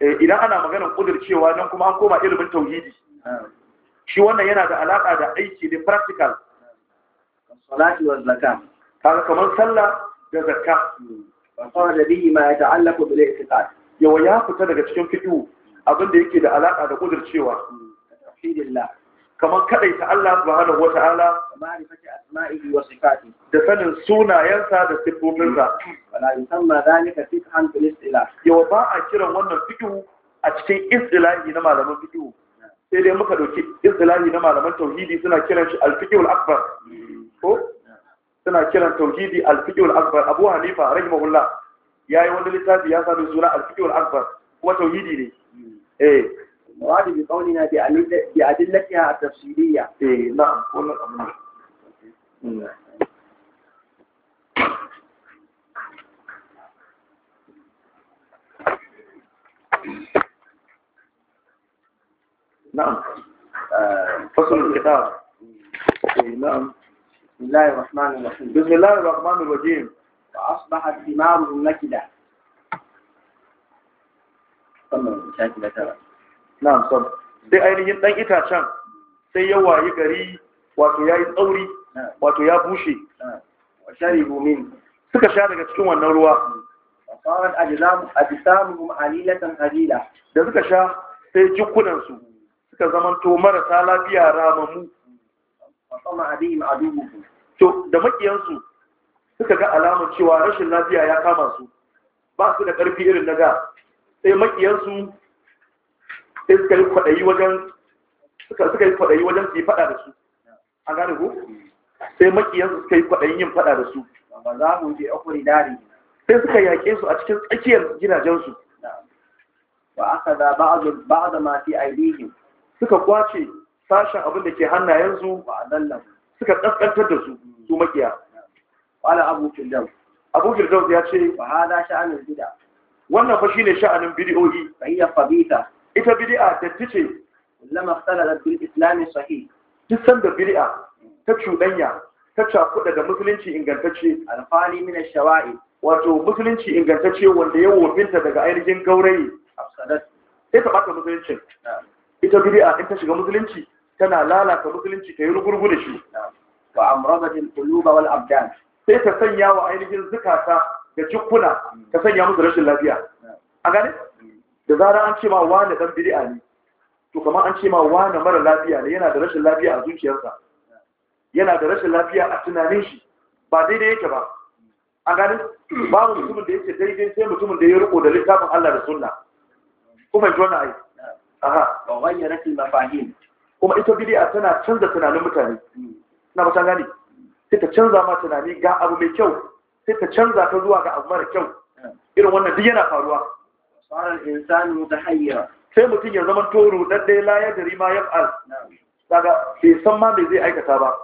eh, idan ana maganar cewa, nan kuma an koma ilimin tauhidi shi wannan yana da alaka da aiki ne practical salati wa zakka kaga kamar sallah da zakka Ba fa da bihi ma yata'allaqu bil i'tiqad yawa ya fita daga cikin fiqh abin da yake da alaka da kudurcewa tafsirillah kamar ta Allah subhanahu wa ta'ala ma'rifati asma'ihi wa sifati da sanin sunayensa da sifofinsa wala yusamma zalika fiqhan bil istilah yawa ba a kiran wannan fiqh a cikin istilahi na malaman fiqh sai dai muka dauki istilahi na malaman tauhidi suna kiran shi al-fiqh al-akbar ko suna kiran tauhidi al-fiqh al-akbar Abu Hanifa rahimahullah yayi wani littafi ya sami sura al-fiqh al-akbar kuma tauhidi ne hmm. eh wadi bi qawlina bi bi adillatiha at-tafsiliyya eh na'am wannan abun نعم فصل الكتاب نعم بسم الله الرحمن الرحيم بسم الله الرحمن الرحيم فأصبحت ثمارهم نكدة نعم صب sai ainihin ɗan itacen sai ya gari wato ya yi tsauri wato ya bushe suka sha daga cikin wannan ruwa fasarar ajisamuhum alilatan alila da suka sha sai jikunansu suka zamanto marasa lafiya ramamu fasama to da makiyansu suka ga alamar cewa rashin lafiya ya kama su ba su da ƙarfi irin na sai makiyansu sai suka yi kwaɗayi wajen su yi faɗa da su a gane ko sai makiyansu suka yi kwaɗayin yin faɗa da su za mu je dari sai suka yaƙe su a cikin tsakiyar gidajensu ba aka da ba da mafi fi suka kwace sashen abin da ke hannayensu ba a dallan suka kaskantar da su su makiya wala abu firdaus abu firdaus ya ce fa hada sha'anin bid'a wannan fa shine sha'anin bid'o'i fa hiya ita bid'a da tace lama ikhtalalat bil islam sahih duk da bid'a ta cudanya ta cafu da musulunci ingantacce alfani min ash-shawa'i wato musulunci ingantacce wanda ya wofinta daga ainihin gaurayi afsadat sai ta bata musulunci ita bid'a in ta shiga musulunci tana lalata musulunci ta yi rugurgu da shi wa amradatil quluba wal abdan sai ta sanya wa ainihin zukata da cikuna ta sanya musu rashin lafiya a gane da zara an ce ma wani dan bid'a ne to kamar an ce ma wani mara lafiya ne yana da rashin lafiya a zuciyarsa yana da rashin lafiya a tunanin shi ba daidai yake ba a gane babu mutumin da yake daidai sai mutumin da ya riko da littafin Allah da sunna kuma ji wani ai aha ba wani rashin mafahim kuma ita bid'a tana canza tunanin mutane na ba ta gani sai ta canza ma tunani ga abu mai kyau sai ta canza ta zuwa ga abu mara kyau irin wannan duk yana faruwa tsarin insani ta hanyar sai mutum ya zama toro ɗaɗɗaya layar da rima ya fa'al daga bai san ma mai zai aikata ba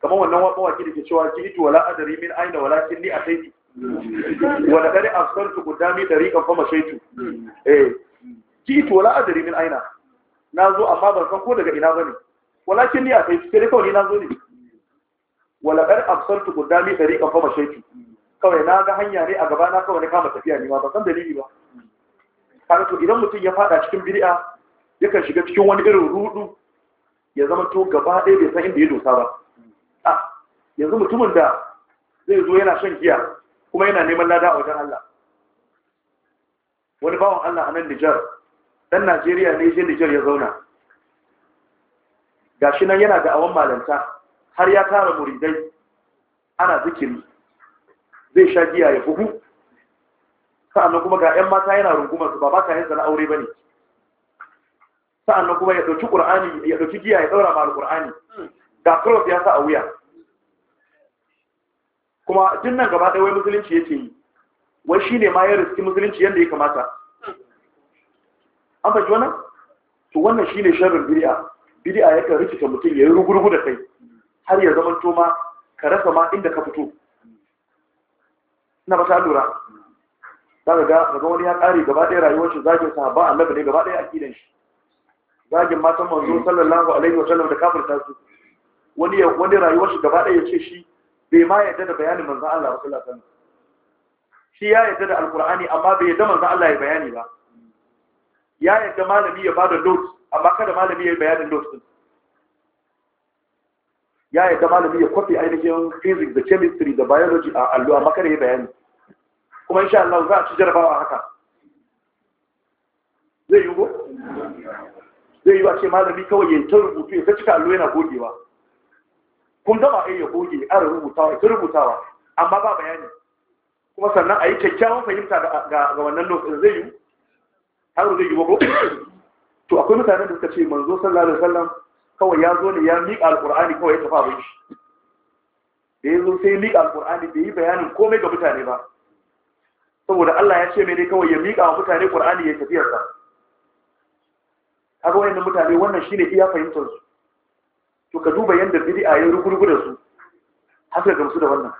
kamar wannan mawaki da ke cewa ki ito wala adari min aina wala kin ni a ki wala dare mi qudami kan fa mashaitu eh ki ito wala adari min aina na zo amma ban san ko daga ina ba wala kin ni a ki sai kawai na zo ne wala kan absaltu gudami dariqan fa mashaitu kawai na ga hanya ne a gaba na kawai na kama tafiya ne ma ba san dalili ba kana to idan mutum ya fada cikin bid'a yakan shiga cikin wani irin rudu ya zama to gaba ɗaya bai san inda ya dosa ba a ah, yanzu mutumin da zai zo yana shan giya kuma yana neman lada a wajen Allah wani bawan Allah a nan Nijar dan Najeriya ne je Nijar ya zauna gashi nan yana da awan malanta har ya tara muridai ana zikiri zai sha giya ya bugu sa'annan kuma ga 'yan mata yana rungumar su ba ba ka yanzu na aure ba ne sa'annan kuma ya ɗauki ƙur'ani ya ɗauki giya ya ɗaura ma alƙur'ani ga cross ya sa a wuya kuma jin nan gaba ɗaya wai musulunci yake yi wai shi ne ma ya riski musulunci yadda ya kamata an fahimci wannan to wannan shi ne sharrin bidi'a bidi'a yakan rikita mutum ya yi rugurgu da kai har ya zama toma ka rasa ma inda ka fito ina ba ta lura za ka ga daga wani ya kare gaba ɗaya rayuwar shi zagin sahaba annabi ne gaba ɗaya akidan shi zagin matan manzo sallallahu alaihi wa sallam da kafirta su wani wani rayuwar shi gaba ɗaya yace ce shi bai ma yadda da bayanin manzo Allah sallallahu alaihi wa sallam shi ya yadda da alqur'ani amma bai yadda manzo Allah ya bayani ba ya yadda malami ya bada notes amma kada malami ya yi bayanin notes din ya yadda malami ya kwafi ainihin physics da chemistry da biology a allo amma kada ya bayani kuma insha Allah za a ci jarabawa haka zai yi go zai yi a ce malami kawai ya ta rubutu ya ta cika allo yana gogewa kun gama a iya goge a rubutawa ta rubutawa amma ba bayani kuma sannan a yi kyakkyawan fahimta ga wannan lokacin zai yi har zai yi wago to akwai mutanen da suka ce manzo sallallahu alaihi wasallam kawai ya zo ne ya miƙa alƙur'ani kawai ya tafi bai shi da ya zo sai miƙa alƙur'ani bai yi bayanin komai ga mutane ba saboda Allah ya ce mai ne kawai ya miƙa wa mutane ƙur'ani ya tafiyarsa haka wayannan mutane wannan shine iya fahimtar su to ka duba yadda bid'a ya rugurgu da su har sai gamsu da wannan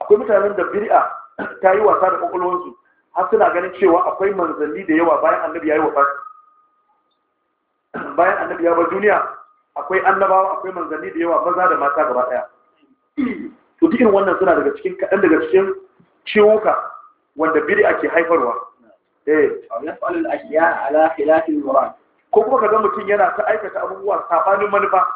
akwai mutanen da bid'a ta yi wasa da kwakwalwarsu har suna ganin cewa akwai manzanni da yawa bayan annabi ya yi wafat bayan annabi ya bar duniya akwai annabawa akwai manzanni da yawa maza da mata gaba daya to dukkan wannan suna daga cikin kaɗan daga cikin ciwuka wanda bid'a ke haifarwa eh al ashya ala khilafil murad ko kuma kaga mutum yana ta aikata abubuwa sabanin manufa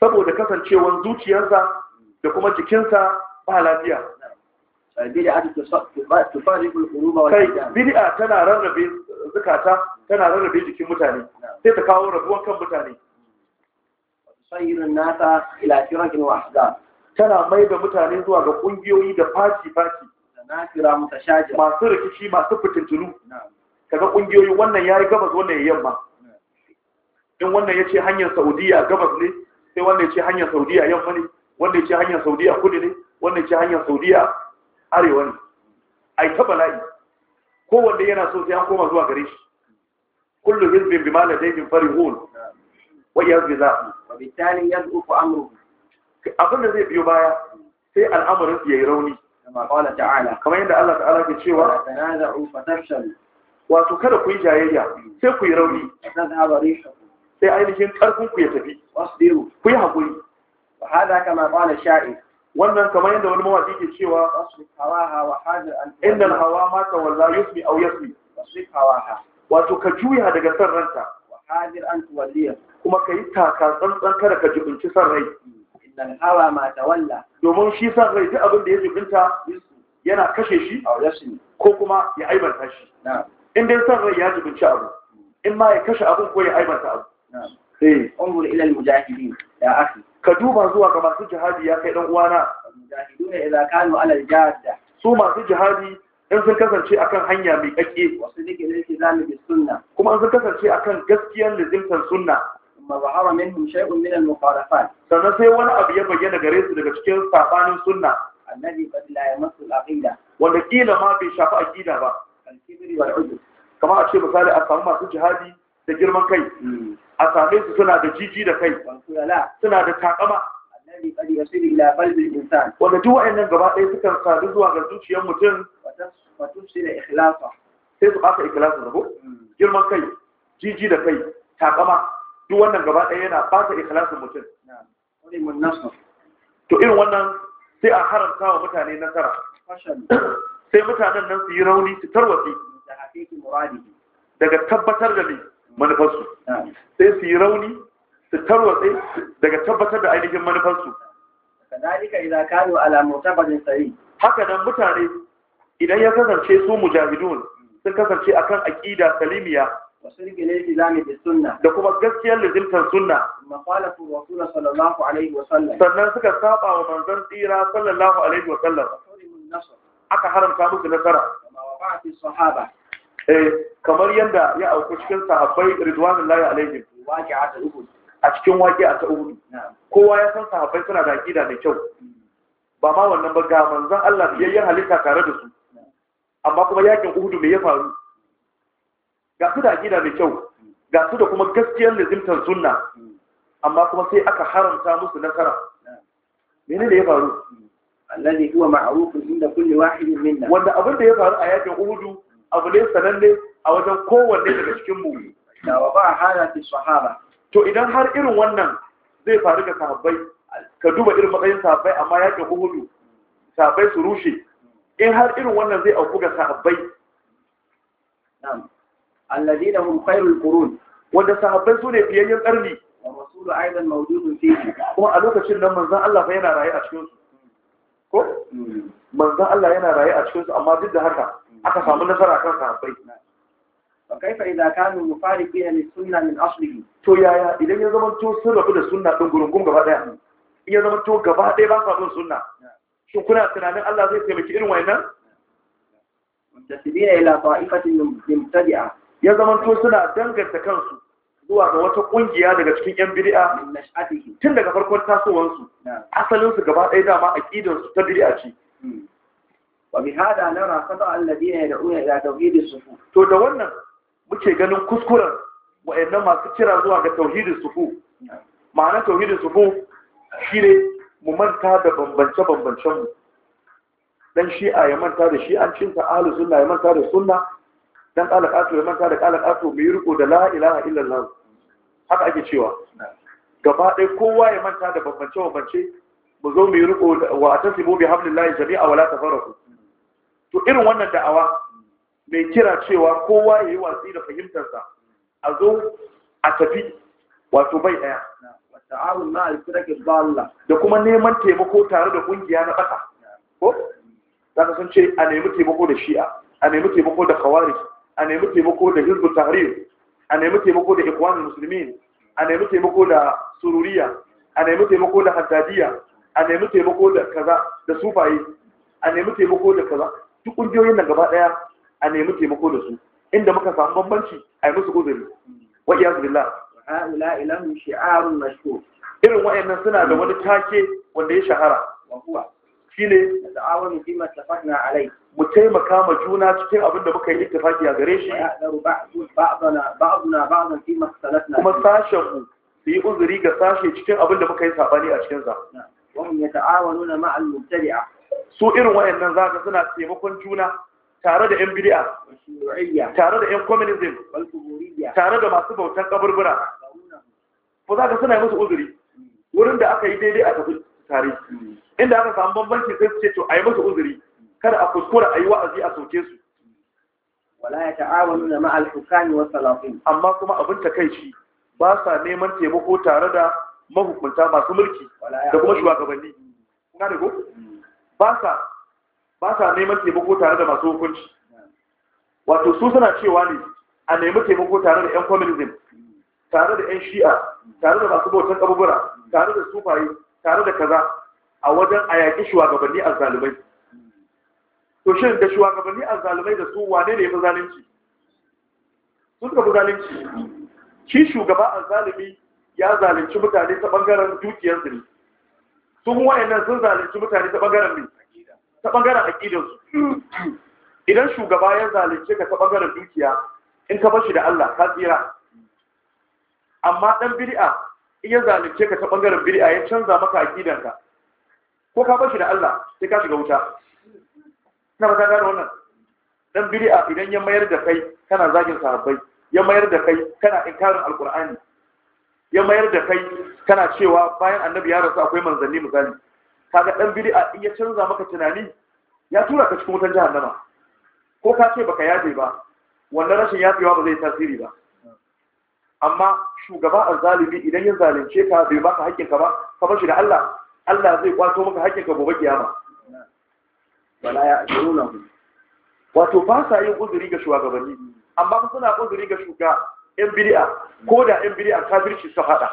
saboda kasancewar zuciyarsa da kuma jikinsa ba lafiya bid'a tana rarrabe zukata tana rarrabe jikin mutane sai ta kawo rabuwar kan mutane nenhum nasa ila firakin wa tana mai da mutane zuwa ga kungiyoyi da faci faci nasira mutashaji masu rikici masu fitintunu kaga kungiyoyi wannan yayi gabas wannan yayi yamma in wannan yace hanyar Saudiya gabas ne sai wannan yace hanyar Saudiya yamma ne wannan yace hanyar Saudiya kudu ne wannan yace hanyar Saudiya arewa ne A ai ta bala'i kowanne yana so sai an koma zuwa gare shi Kullum kullu hizbin bima ladayhim zafi a bitani ya bitali ku amru abin da zai biyo baya sai al'amarin yayi rauni kama kamar yadda Allah ta'ala ke cewa wato kada ku yi jayayya sai ku yi rauni sai ainihin karfin ku ya tafi ku yi hakuri wa hada kama qala sha'ir wannan kamar yadda wani mawaki ke cewa inda hawa mata walla yusmi au yusmi wato ka juya daga san ranta hadir an tuwalliya kuma ka yi taka tsantsan kada ka jibinci san rai inda hawa mata walla domin shi san rai duk abin da ya jibinta yana kashe shi ko kuma ya aibanta shi in dai san rai ya jibinci abu in ma ya kashe abin ko ya aibanta abu sai eh. umar ilal mujahidin ya ka duba zuwa ga masu jihadi ya kai dan uwana mujahiduna idza kanu ala jihad su masu jihadi in sun kasance akan hanya mai kake wasu nake ne ke zalibi sunna kuma in sun kasance akan gaskiyar lazimtar sunna ma zahara minhum shay'un min al-muqarafat sannan sai wani abu ya bayyana gare su daga cikin sabanin sunna annabi qad la yamassu aqida wanda kila ma bai shafi aqida ba al-kibri wal ujub a ce misali a samu masu jihadi da girman kai hmm. a same su suna da jiji da kai suna da takama wanda duk wa'annan gaba ɗaya sukan sadu zuwa ga zuciyar mutum sai su ɓata ikhlasin zabo mm. girman kai jiji da kai takama duk wannan gaba ɗaya yana ɓata ikhlasin mutum to irin wannan sai a haramta wa mutane nasara sai mutanen nan su yi rauni su tarwatsi daga tabbatar da mai manufarsu sai su yi rauni su tarwatse daga tabbatar da ainihin manufarsu idan haka nan mutane idan ya kasance su mujahidun sun kasance a kan aƙida salimiya da kuma gaskiyar lizimtar sunna sannan suka saba wa manzan tsira sallallahu alaihi wa aka haramta musu nasara Eh, kamar yadda ya auku cikin sahabbai ridwanullahi alaihim waqi'a ta uhud a cikin waqi'a ta uhud kowa ya san sahabbai suna da aqida mai kyau ba ma wannan ba ga manzon Allah biyayyen halitta tare da su amma kuma yakin uhud me ya faru ga su da aqida mai kyau ga su da kuma gaskiyar lazimtar sunna amma kuma sai aka haramta musu nasara menene da ya faru alladhi huwa ma'rufun inda kulli wahidin minna wanda abin da ya faru a yakin uhud abu ne sananne a wajen kowanne daga cikin mu dawa ba hada fi sahaba to idan har irin wannan zai faru ga sahabbai ka duba irin matsayin sahabbai amma ya ke hudu sahabbai su rushe in har irin wannan zai auku ga sahabbai na'am alladina hum khairul qurun wanda sahabbai sune fiyayyen karni wa rasulu aidan mawjudun fi kuma a lokacin nan manzon Allah fa yana raye a cikin su ko hmm. manzon Allah yana raye a cikin su amma duk da haka aka samu nasara kan sahabbai wa kaifa idza kanu mufariqina lis sunna min aslihi to yaya idan ya zama to sun rabu da sunna din gurungum gaba daya in ya zama to gaba daya ba sa bin sunna shin kuna tunanin Allah zai taimaki irin wayannan mutasibina ila ta'ifatin mubtadi'a ya zama to suna danganta kansu zuwa ga wata kungiya daga cikin yan bid'a tun daga farkon tasowansu asalin su gaba daya dama aqidan su ta bid'a ce hmm. wa bi hada nara qada alladina yad'una ila tawhid as-sufuf to da wannan muke ganin kuskuren wayannan masu kira zuwa ga Tauhidin as ma'ana Tauhidin as-sufuf shine mu manta da bambance bambancen mu dan shi'a ya manta da shi, shi'ancin ta ahlus sunna ya manta da sunna dan qalaqatu ya manta da qalaqatu mai riko da la ilaha illallah haka ake cewa gaba ɗaya kowa ya manta da bambance bambance mu zo mu yi riko wa atasibu bi hablillahi jami'a wala tafarraqu to irin wannan da'awa mai kira cewa kowa ya yi watsi da fahimtarsa a zo a tafi wato bai daya ta'awun na alfirake Allah? da kuma neman taimako tare da kungiya na ƙasa ko za ka san ce a nemi taimako da shi'a a nemi taimako da kawari a nemi taimako da hizbut tahrir a nemi taimako da ikwanul Musulmi, a nemi taimako da sururiya a nemi taimako da haddadiya a nemi taimako da kaza da sufaye a nemi taimako da kaza duk ƙungiyoyin nan gaba ɗaya a nemi taimako da su inda muka samu bambanci a yi musu uzuri wa iyazu billah ha'ula ilahu shi'arun mashhur irin wayannan suna da wani take wanda ya shahara wa huwa shine ta'awunu fi ma tafaqna alai mu taimaka ma juna cikin abin da muka yi ittifaki a gare shi ba'dana ba'dana ba'dan fi salatna kuma sashen mu su yi uzuri ga sashe cikin abin da muka yi sabani a cikin sa wa hum yata'awanuna ma'al mubtadi'a su irin wayannan zaka suna taimakon juna tare da 'yan bid'a tare da 'yan communism tare da masu bautan kaburbura ko za ka suna musu uzuri wurin da aka yi daidai a tafi tare inda aka samu bambanci sai su ce to a yi musu uzuri kada a kuskura a yi wa'azi a soke su wala ya ta'awanu da ma'al hukami wa salafin amma kuma abin ta kai shi ba sa neman taimako tare da mahukunta masu mulki da kuma shugabanni kuna da ba sa neman taimako tare da masu hukunci wato su suna cewa ne a nemi taimako tare da 'yan communism tare da 'yan shi'a tare da masu bautan abubuwa tare da sufaye tare da kaza a wajen a yaƙi shugabanni a zalumai to shi da shugabanni a zalumai da su wane ne ya fi zalunci sun ka fi zalunci shi shugaba a zalumi ya zalunci mutane ta ɓangaren dukiyar ne sun wayannan sun zalunci mutane ta ɓangaren mai ta ɓangaren aqidansu idan shugaba ya zalunce ka ta ɓangaren dukiya in ka bashi da Allah ka tsira amma dan bir'a in ya zalunce ka ta ɓangaren bir'a ya canza maka aqidanka ko ka bashi da Allah sai ka shiga wuta na ba ta gane wannan dan bir'a idan ya mayar da kai kana zagin sahabbai ya mayar da kai kana inkarin Alƙur'ani. ya mayar da kai kana cewa bayan annabi ya rasu akwai manzanni misali kaga dan bid'a in ya canza maka tunani ya tura ka cikin wutan jahannama ko ka ce baka yafe ba wannan rashin yafewa ba zai tasiri ba amma shugaba azzalimi idan ya zalunce ka bai baka haƙƙin ka ba ka bar shi da Allah Allah zai kwato maka haƙƙin ka gobe kiyama wala ya ajruna wato ba sa yin uzuri ga shugabanni amma suna uzuri ga shugaba yan biri'a, ko da yan bid'a kafirci su hada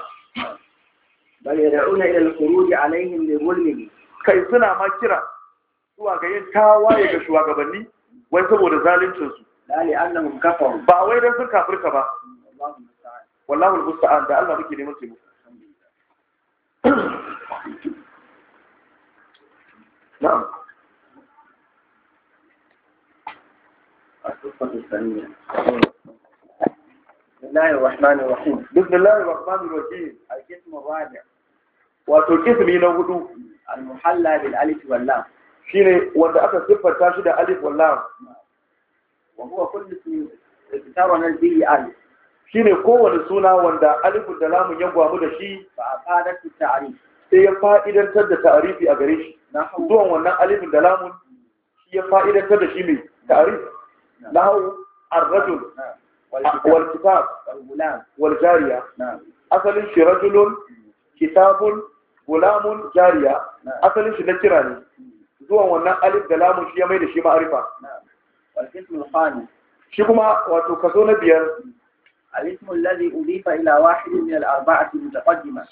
bal yad'una ila al-khuruj alaihim bi zulmihim kai suna ma kira zuwa ga yin tawaye ga shugabanni wai saboda zaluncin su lali annahum kafaru ba wai dan sun kafirka ba wallahi mustaan da Allah muke neman taimako na'am الصفة الثانية بسم الله الرحمن الرحيم بسم الله الرحمن الرحيم القسم الرابع wato kismi na hudu al-muhalla bil alif wal lam shine wanda aka siffanta shi da alif wal lam wa huwa kullu tarana bi alif shine kowane suna wanda alif da lam ya gwamu da shi fa aqadat ta'rif sai ya fa'idantar da ta'rifi a gare shi zuwan wannan alif da lam shi ya fa'idantar da shi mai ta'rif lahu ar-rajul والكتاب والجارية أصل شي رجل كتاب غلام جارية أصل شي نكرة zuwan wannan alif da lamun shi ya mai shi ma'arifa shi kuma wato kaso na biyar الاسم الذي أضيف إلى واحد من الأربعة المتقدمة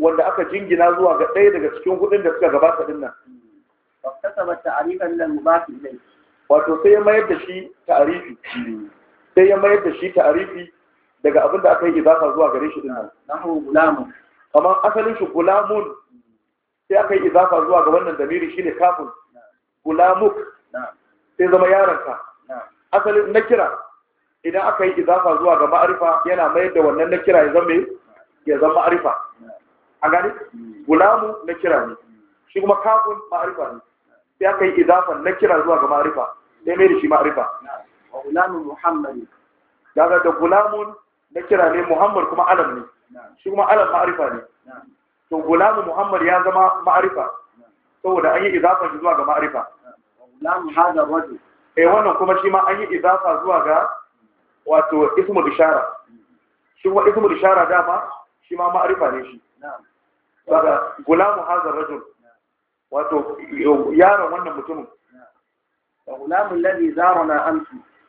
wanda aka jingina zuwa ga ɗaya daga cikin hudun da suka gabata ɗinnan. nan. Wato sai ya mayar da shi ta'arifi. Hmm. sai ya mayar da shi ta'arifi daga abin da aka yi izafa zuwa gare shi din nan nahu gulamun kamar asalin shi gulamun sai aka yi izafa zuwa ga wannan damiri shine kafin gulamuk sai zama yaronka asalin na kira idan aka yi izafa zuwa ga ma'arifa yana mayar da wannan na ya zama ya zama ma'arifa a gani hmm. gulamu kira ne shi kuma kafin ma'arifa ne sai aka yi na kira zuwa ga ma'arifa sai mai da shi ma'arifa wa gulamun muhammad daga da gulamun na kira ne muhammad kuma alam ne shi kuma alam ma'arifa ne to gulamun muhammad ya zama ma'arifa saboda an yi idafa zuwa ga ma'arifa gulamun eh wannan kuma shi ma an yi izafa zuwa ga wato ismul ishara shi kuma ismul ishara dama shi ma ma'arifa ne shi daga gulamun hada rajul wato yaron wannan mutumin da gulamun ladhi zarana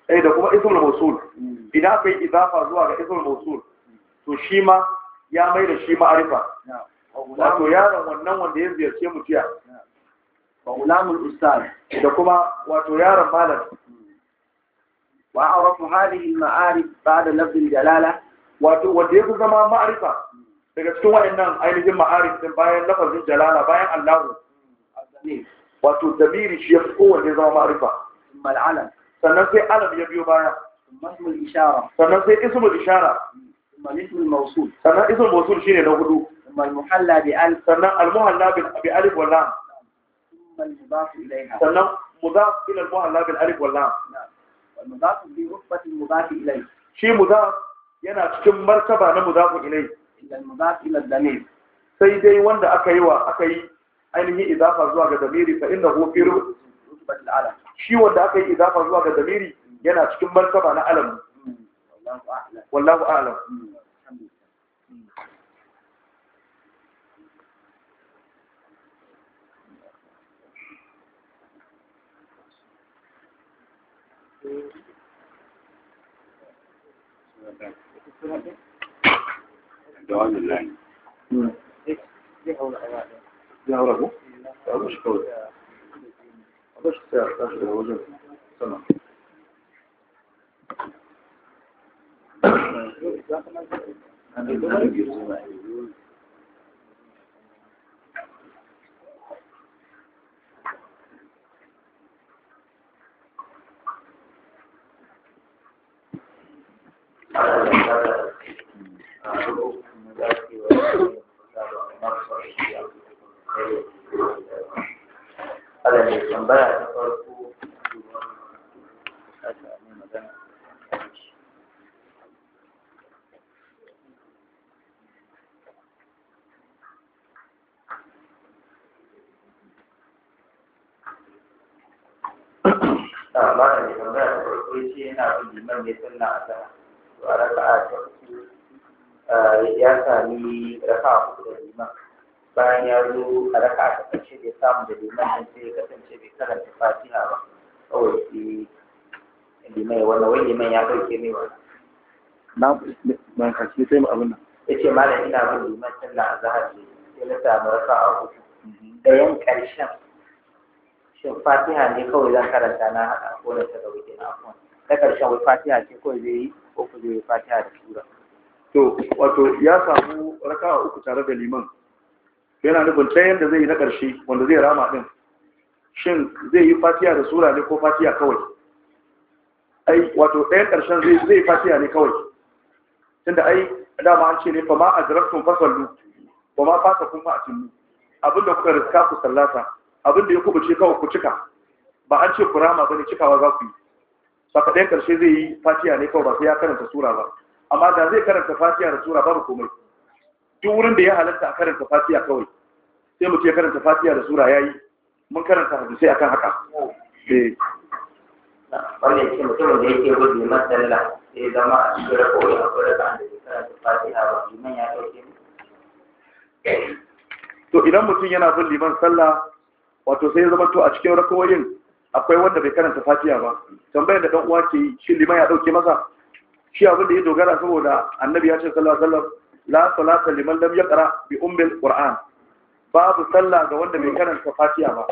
eh da kuma ismul mausul hmm. idan akwai idafa zuwa ga ismul mausul hmm. to shi ma ya mai da shi ma'arifa wato yaron wannan wanda ya ziyarce mu jiya wa ulamul ustaz da kuma wato yaron malam hmm. wa arafu hadhihi al ma'arif ba'da lafz al jalala wato wanda ya zama ma'arifa daga cikin wayannan ainihin ma'arif din bayan lafazin jalala bayan Allahu wato dabiri shi ya fi kowanne zama ma'arifa mal'alam sannan sai alam ya biyo baya sannan sai ismul ishara sannan ismul mawsul shine na hudu Sannan بألف سنة المحلى بألف واللام ثم المضاف إليها سنة مضاف إلى المحلى بالألف واللام نعم المضاف شيء مضاف cikin martaba na mudaf ilay sai dai wanda aka yi wa aka yi ainihin idafa zuwa ga damiri fa innahu fi rutbat al shi wanda aka yi idafa zuwa ga zamiri yana cikin martaba na alamu wallahu a'lam دوام اللعين يهربوا يهربوا مش قوي Слышите, даже уже сама. Thank Allah ne tambaya da farko amma da tambaya da farko shi yana bin liman ne sunna a sama to a raka'a ta ya sami raka'a da liman bayan ya zo a raka a kasance bai samu da liman sai ya kasance bai karanta fatiha ba kawai sai limai wannan wai liman ya ɗauke mai wannan na ban kashi sai mu abin nan yace malam ina bin liman sallah azhar ne sai na samu raka a uku mhm. ɗayan ƙarshen shin fatiha ne kawai zan karanta na haɗa ko na ta gaba kenan akwai ta ƙarshen wai fatiha ce kawai zai yi ko ku zai yi fatiha da sura to wato ya samu raka a uku tare da liman yana nufin ta da zai yi na ƙarshe wanda zai rama ɗin shin zai yi fatiya da sura ne ko fatiya kawai ai wato ɗayan ƙarshen zai yi fatiya ne kawai tunda ai dama an ce ne fa ma azraktun fasallu wa ma fasa kun ma atimmu abinda kuka riska ku sallata abinda ya kubuce kawai ku cika ba an ce ku rama ba ne, cikawa za ku yi saka ɗayan ƙarshe zai yi fatiya ne kawai ba sai ya karanta sura ba amma da zai karanta fatiya da sura babu komai duk wurin da ya halatta a karanta Fatiya kawai sai mu ce karanta Fatiya da sura yayi mun karanta hadisi akan haka eh wannan yake mutumin da yake gudu masalla sai zama a cikin rakoyi a gurin da ake karanta fatiha ba liman ya dauke to idan mutum yana son liman sallah wato sai zama to a cikin rakawoyin akwai wanda bai karanta Fatiya ba tambayar da dan uwa ke yi shi liman ya dauke masa shi abin da ya dogara saboda annabi ya ce sallallahu alaihi wasallam la salata liman lam yaqra bi ummil qur'an babu sallah ga wanda bai karanta fatiha ba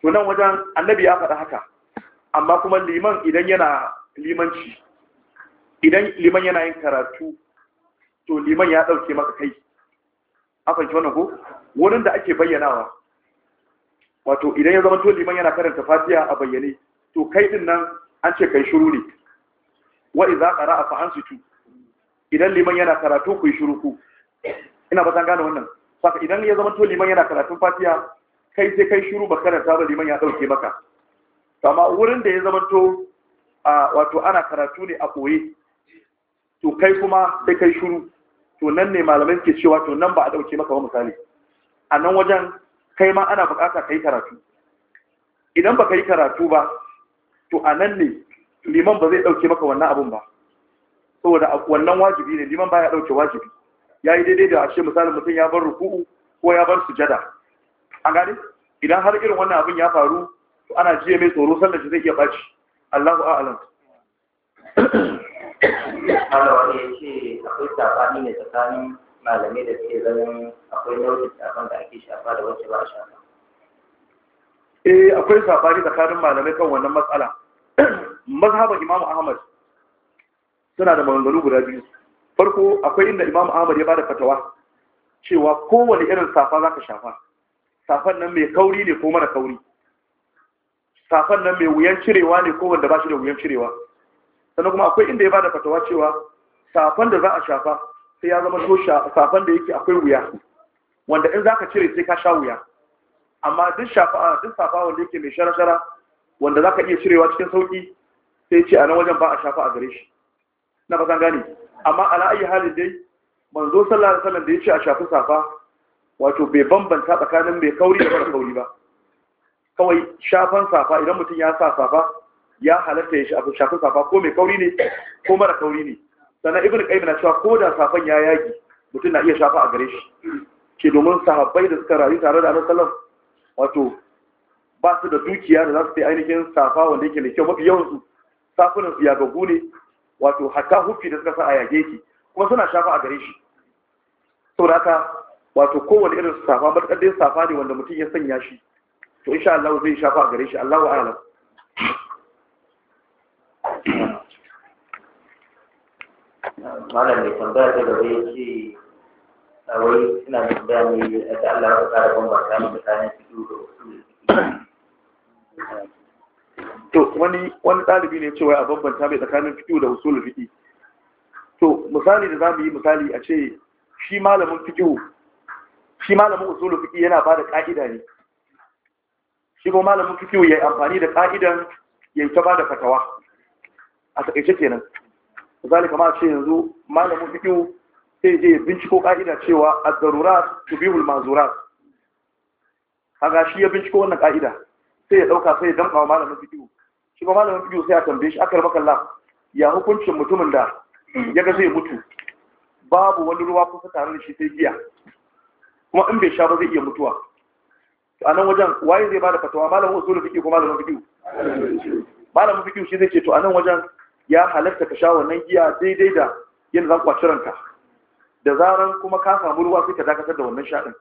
to nan wajen annabi ya faɗa haka amma kuma liman idan yana limanci idan liman yana yin karatu to liman ya dauke maka kai an fahimci wannan ko wurin da ake bayyanawa wato idan ya zama to liman yana karanta fatiha a bayyane to kai din nan an ce kai shuru ne wa idza qara'a fa ansitu idan liman yana karatu ku yi shuru ku ina ba gane wannan saka idan ya zama to liman yana karatun fatiya kai sai kai shuru ba karanta ba liman ya dauke maka amma wurin da ya zama to wato ana karatu ne a koye to kai kuma sai kai shuru, to nan ne malamai suke cewa to nan ba a dauke maka ba misali a nan wajen kai ma ana bukata kai karatu idan baka yi karatu ba to a nan ne liman ba zai dauke maka wannan abun ba saboda wannan wajibi ne liman baya dauke wajibi yayi daidai da ashe misalin mutum ya bar ruku'u ko ya bar sujada an gane idan har irin wannan abin ya faru to ana jiye mai tsoro sallar shi zai iya baci Allahu a'lam Allah wani ya ce akwai sabani ne tsakanin malamai da suke ganin akwai nau'in shafan da ake shafa da wacce ba a shafa. Eh akwai sabani tsakanin malamai kan wannan matsala. Mazhaban Imam Ahmad suna da maganganu guda biyu farko akwai inda imam ahmad ya bada fatawa cewa kowane irin safa za ka shafa safan nan mai kauri ne ko mara kauri safan nan mai wuyan cirewa ne ko wanda ba shi da wuyan cirewa sannan kuma akwai inda ya bada fatawa cewa safan da za a shafa sai ya zama so safan da yake akwai wuya wanda in za ka cire sai ka sha wuya amma duk shafa duk safa wanda yake mai shara-shara wanda za ka iya cirewa cikin sauƙi sai ce a nan wajen ba a shafa a gare shi na bazan gane amma ala ayi halin dai manzo sallallahu alaihi wasallam da yace a shafi safa wato bai bambanta tsakanin mai kauri da mara kauri ba kawai shafan safa idan mutum ya sa safa ya halatta ya shafi shafin safa ko mai kauri ne ko mara kauri ne sannan ibnu qayyim na cewa ko da safan ya yagi mutum na iya shafa a gare shi ke domin sahabbai da suka rayu tare da annabi sallallahu wato ba su da dukiya da za su yi ainihin safa wanda yake da kyau mafi yawan su safunan su gagu ne wato hatta hufi da suka sa a yage ki kuma suna shafa a gare shi saboda haka wato kowane irin safa barkar dai safa ne wanda mutum ya sanya shi to insha Allah zai shafa a gare shi Allahu a'lam malam mai tambaya ta gaba ya ce a wai suna tambaya ne da Allah ya tsara bambanta mu tsakanin fito da wasu to wani wani ɗalibi ne cewa a bambanta mai tsakanin fiƙi da usul lafiƙi? to misali da za mu yi misali a ce shi malamin fiƙi shi malamin usul lafiƙi yana ba da ƙa'ida ne shi ko malamin fiƙi ya yi amfani da ƙa'idan ya ta ba da fatawa a taƙaice kenan misali kamar a ce yanzu malamin fiƙi sai je binciko ƙa'ida cewa ad-darurat tubihul mazurat kaga shi ya binciko wannan ƙa'ida sai ya ɗauka sai ya damƙa wa malamin fiƙi shi ba malamin fiyo sai a tambaye shi akar Allah ya hukuncin mutumin da ya ga zai mutu babu wani ruwa kusa tare da shi sai giya kuma in bai sha ba zai iya mutuwa a nan wajen waye zai bada fatawa malamin usulu fiqi ko malamin fiqi malamin fiqi shi zai ce to a nan wajen ya halatta ka sha wannan giya daidai da yin zan kwaci ranka da zaran kuma ka samu ruwa sai ka dakatar da wannan shaɗin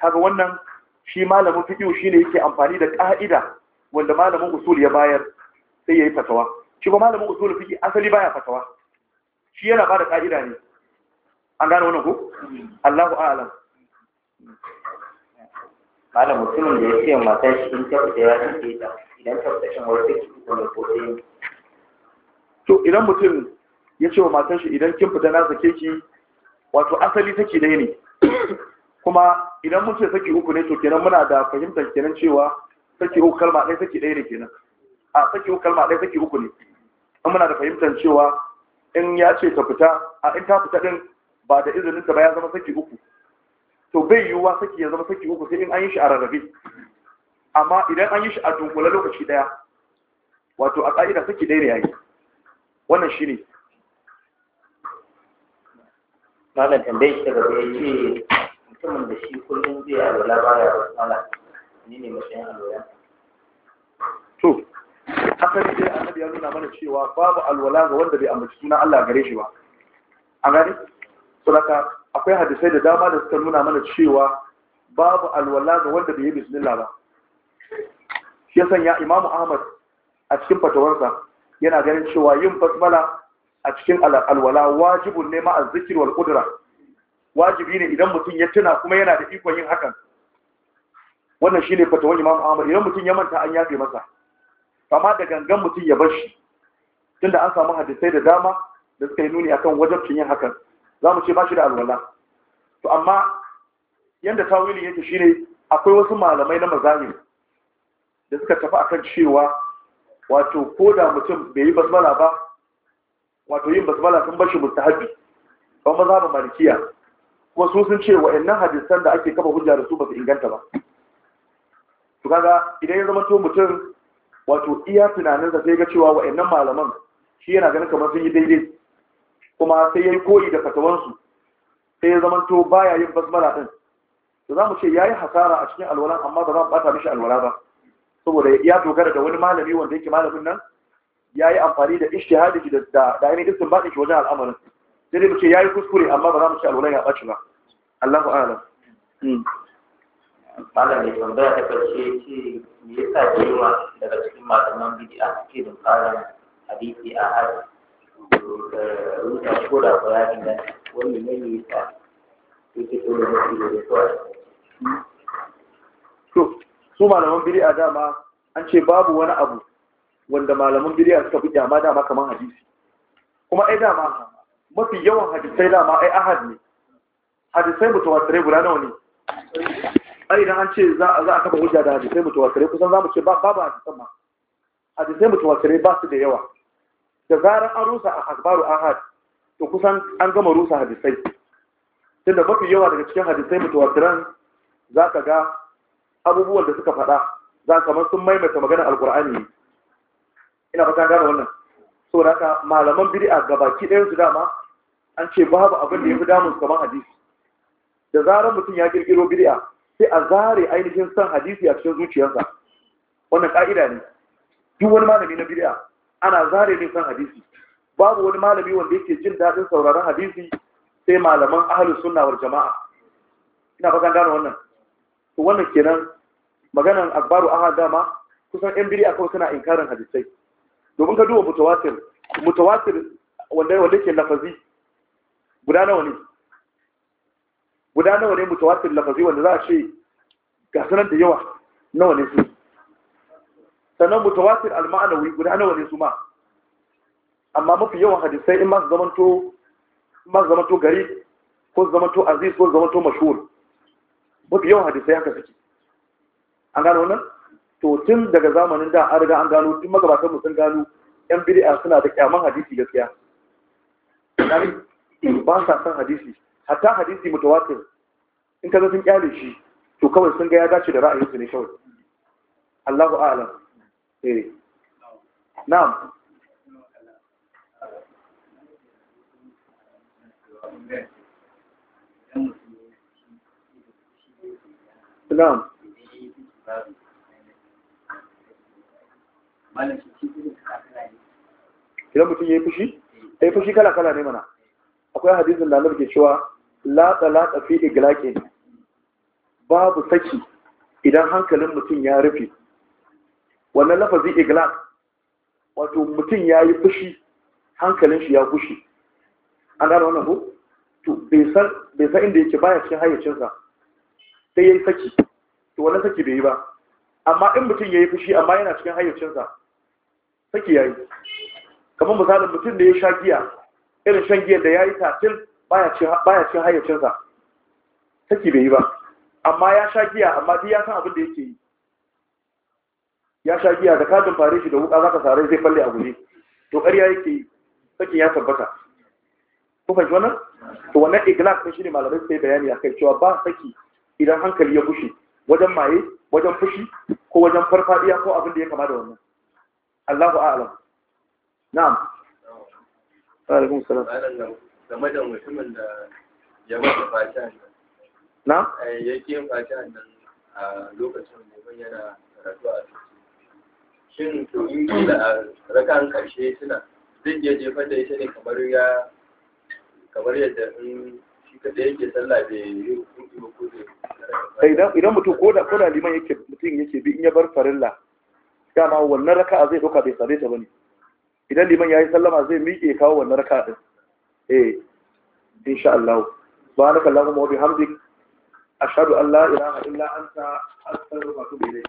kaga wannan shi malamin fiqi shi ne yake amfani da ka'ida wanda malamin usul ya bayar sai ya yi fatawa shi ba malamin usulul fiqh asali baya fatawa shi yana bada ka'ida ne an gano wannan ko Allahu a'lam malam mutumin da ya ce matan shi in tabbata ya ce ta idan tabbatashin wani take ko da ko ne to idan mutum ya ce wa matan shi idan kin fita na sake ki wato asali take dai ne kuma idan mun ce saki uku ne to kenan muna da fahimtar kenan cewa saki uku kalma ɗaya saki ɗaya ne kenan a saki uku kalma ɗaya saki uku ne in muna da fahimtar cewa in ya ce ta fita a in ta fita din ba da izinin ta ba ya zama saki uku to bai yiwuwa saki ya zama saki uku sai in an yi shi a rarrabe amma idan an yi shi a dunkule lokaci ɗaya wato a ƙa'ida saki ɗaya ne ya yi wannan shi ne malam tambayi ta gaba ya ce mutumin da shi kullum zai alwala baya wasu mala ni ne matsayin alwala to asali dai annabi ya nuna mana cewa babu alwala ga wanda bai ambaci suna Allah gare shi ba a gani saboda akwai hadisai da dama da suka nuna mana cewa babu alwala ga wanda bai yi bismillah ba shi ya sanya imamu ahmad a cikin fatawarsa yana ganin cewa yin basmala a cikin alwala wajibun ne ma'a zikir wal qudra wajibi ne idan mutum ya tuna kuma yana da ikon yin hakan wannan shine fatawar imamu ahmad idan mutum ya manta an yafe masa Kama da gangan mutum ya bashi tunda an samu hadisai da dama da suka yi nuni a wajen wajabcin yin hakan za mu ce ba shi da alwala to amma yadda tawilin yake shi ne akwai wasu malamai na mazahir da suka tafi akan cewa wato ko da mutum bai yi basmala ba wato yin basmala sun bashi mustahabi kuma mazhabin malikiya kuma su sun ce wa'annan hadisan da ake kafa hujja da su ba su inganta ba to kaga idan ya zama to mutum wato iya tunanin da sai ga cewa wa'annan malaman shi yana ganin kamar sun yi daidai kuma sai ya yi koyi da fatawansu sai ya zamanto baya yin basmala din to za mu ce ya yi hasara a cikin alwala amma ba za mu bata mishi alwala ba saboda ya dogara da wani malami wanda yake malamin nan ya yi amfani da ishtihadi shi da ainihin istinbaɗin shi wajen al'amarin sai dai mu ce ya yi kuskure amma ba za mu ce alwala ya ɓaci ba Allahu a'lam hmm. malam mai tambaya ta karshe ce me yasa da yawa daga cikin malaman bid'a suke da karan hadisi a har rubuta ko da ba ya inganta wani ne ne yasa yake tsoro da shi da su to su malaman bid'a dama an ce babu wani abu wanda malaman bid'a suka fi dama dama kamar hadisi kuma ai dama mafi yawan hadisai dama ai ahad ne hadisai mutawatirai guda nawa ne ai idan an ce za a kafa hujja da hadisai mutawatirai kusan za mu ce ba babu hadisan ma hadisai mutawatirai ba su da yawa da zarar an rusa a akbaru ahad to kusan an gama rusa hadisai tunda mafi yawa daga cikin hadisai mutawatiran za ka ga abubuwan da suka faɗa za man sun maimaita maganar alkur'ani ina fata gane wannan da haka malaman bid'a gabaki ɗayan su dama an ce babu abin da ya fi damun kamar hadisi da zarar mutum ya kirkiro bid'a sai a zare ainihin san hadisi a cikin zuciyarsa wannan ka'ida ne duk wani malami na bid'a ana zare ne san hadisi babu wani malami wanda yake jin daɗin sauraron hadisi sai malaman ahlus sunna wal jama'a ina fatan gano wannan to wannan kenan maganan akbaru aha dama kusan yan bid'a kawai suna inkarin hadisai domin ka duba mutawatir mutawatir wanda wanda yake lafazi guda nawa ne guda nawa ne mutawatir lafazi wanda za a ce gasu nan da yawa nawa ne su sannan mutawatir al-ma'anawi guda nawa ne su ma amma mafi yawan hadisai in masu zamanto masu zamanto gari ko zamanto aziz ko zamanto mashhur mafi yawan hadisai haka suke an gano wannan to tun daga zamanin da an riga an gano tun magabatan mu sun gano yan bid'a suna da kyaman hadisi gaskiya ba sa san hadisi hatta hadisi mutawatir in ka sun kyale shi to kawai sun ga ya dace da ra'ayinsu ne kawai Allahu a'lam eh na'am na'am idan mutum ya yi fushi ya yi fushi kala-kala ne mana akwai hadisin da annabi ke cewa latsa latsa fi iglaqin babu saki idan hankalin mutum ya rufe wannan lafazi iglaq wato mutum ya yi fushi hankalin shi ya fushi an gano wannan ko to bai san inda yake baya cikin hayyacinsa sai ya yi saki to wannan saki bai yi ba amma in mutum ya yi fushi amma yana cikin hayyacinsa saki ya yi kamar misalin mutum da ya sha giya irin shan giyar da ya yi tafil baya cin hayyacinsa saki bai yi ba amma ya sha giya amma duk ya san abin da yake yi ya sha giya da kajin fare shi da wuka zaka sare zai falle a guje to ƙarya yake yi sakin ya tabbata ko fahimci wannan to wannan iglas din shine malamai sai bayani a kai cewa ba saki idan hankali ya bushe wajen maye wajen fushi ko wajen farfadiya ko abin da ya kama da wannan Allahu a'lam na'am wa alaikum salam game da mutumin da ya mutu fashan na? Eh, ya ke yin fashan a lokacin mutum yana karatu a shin to in da rakan karshe suna zai iya jefa da ita ne kamar ya kamar yadda in shi kada yake sallah bai yi hukunci ba ko zai idan mutum ko da ko da liman yake mutum yake bi in ya bar farilla dama wannan raka'a zai ɗauka bai sare ta ba ne idan liman ya yi sallama zai miƙe kawo wannan raka'a ɗin eh insha Allah subhanaka allahumma wa bihamdik ashhadu an la ilaha illa anta astaghfiruka wa atubu ilayk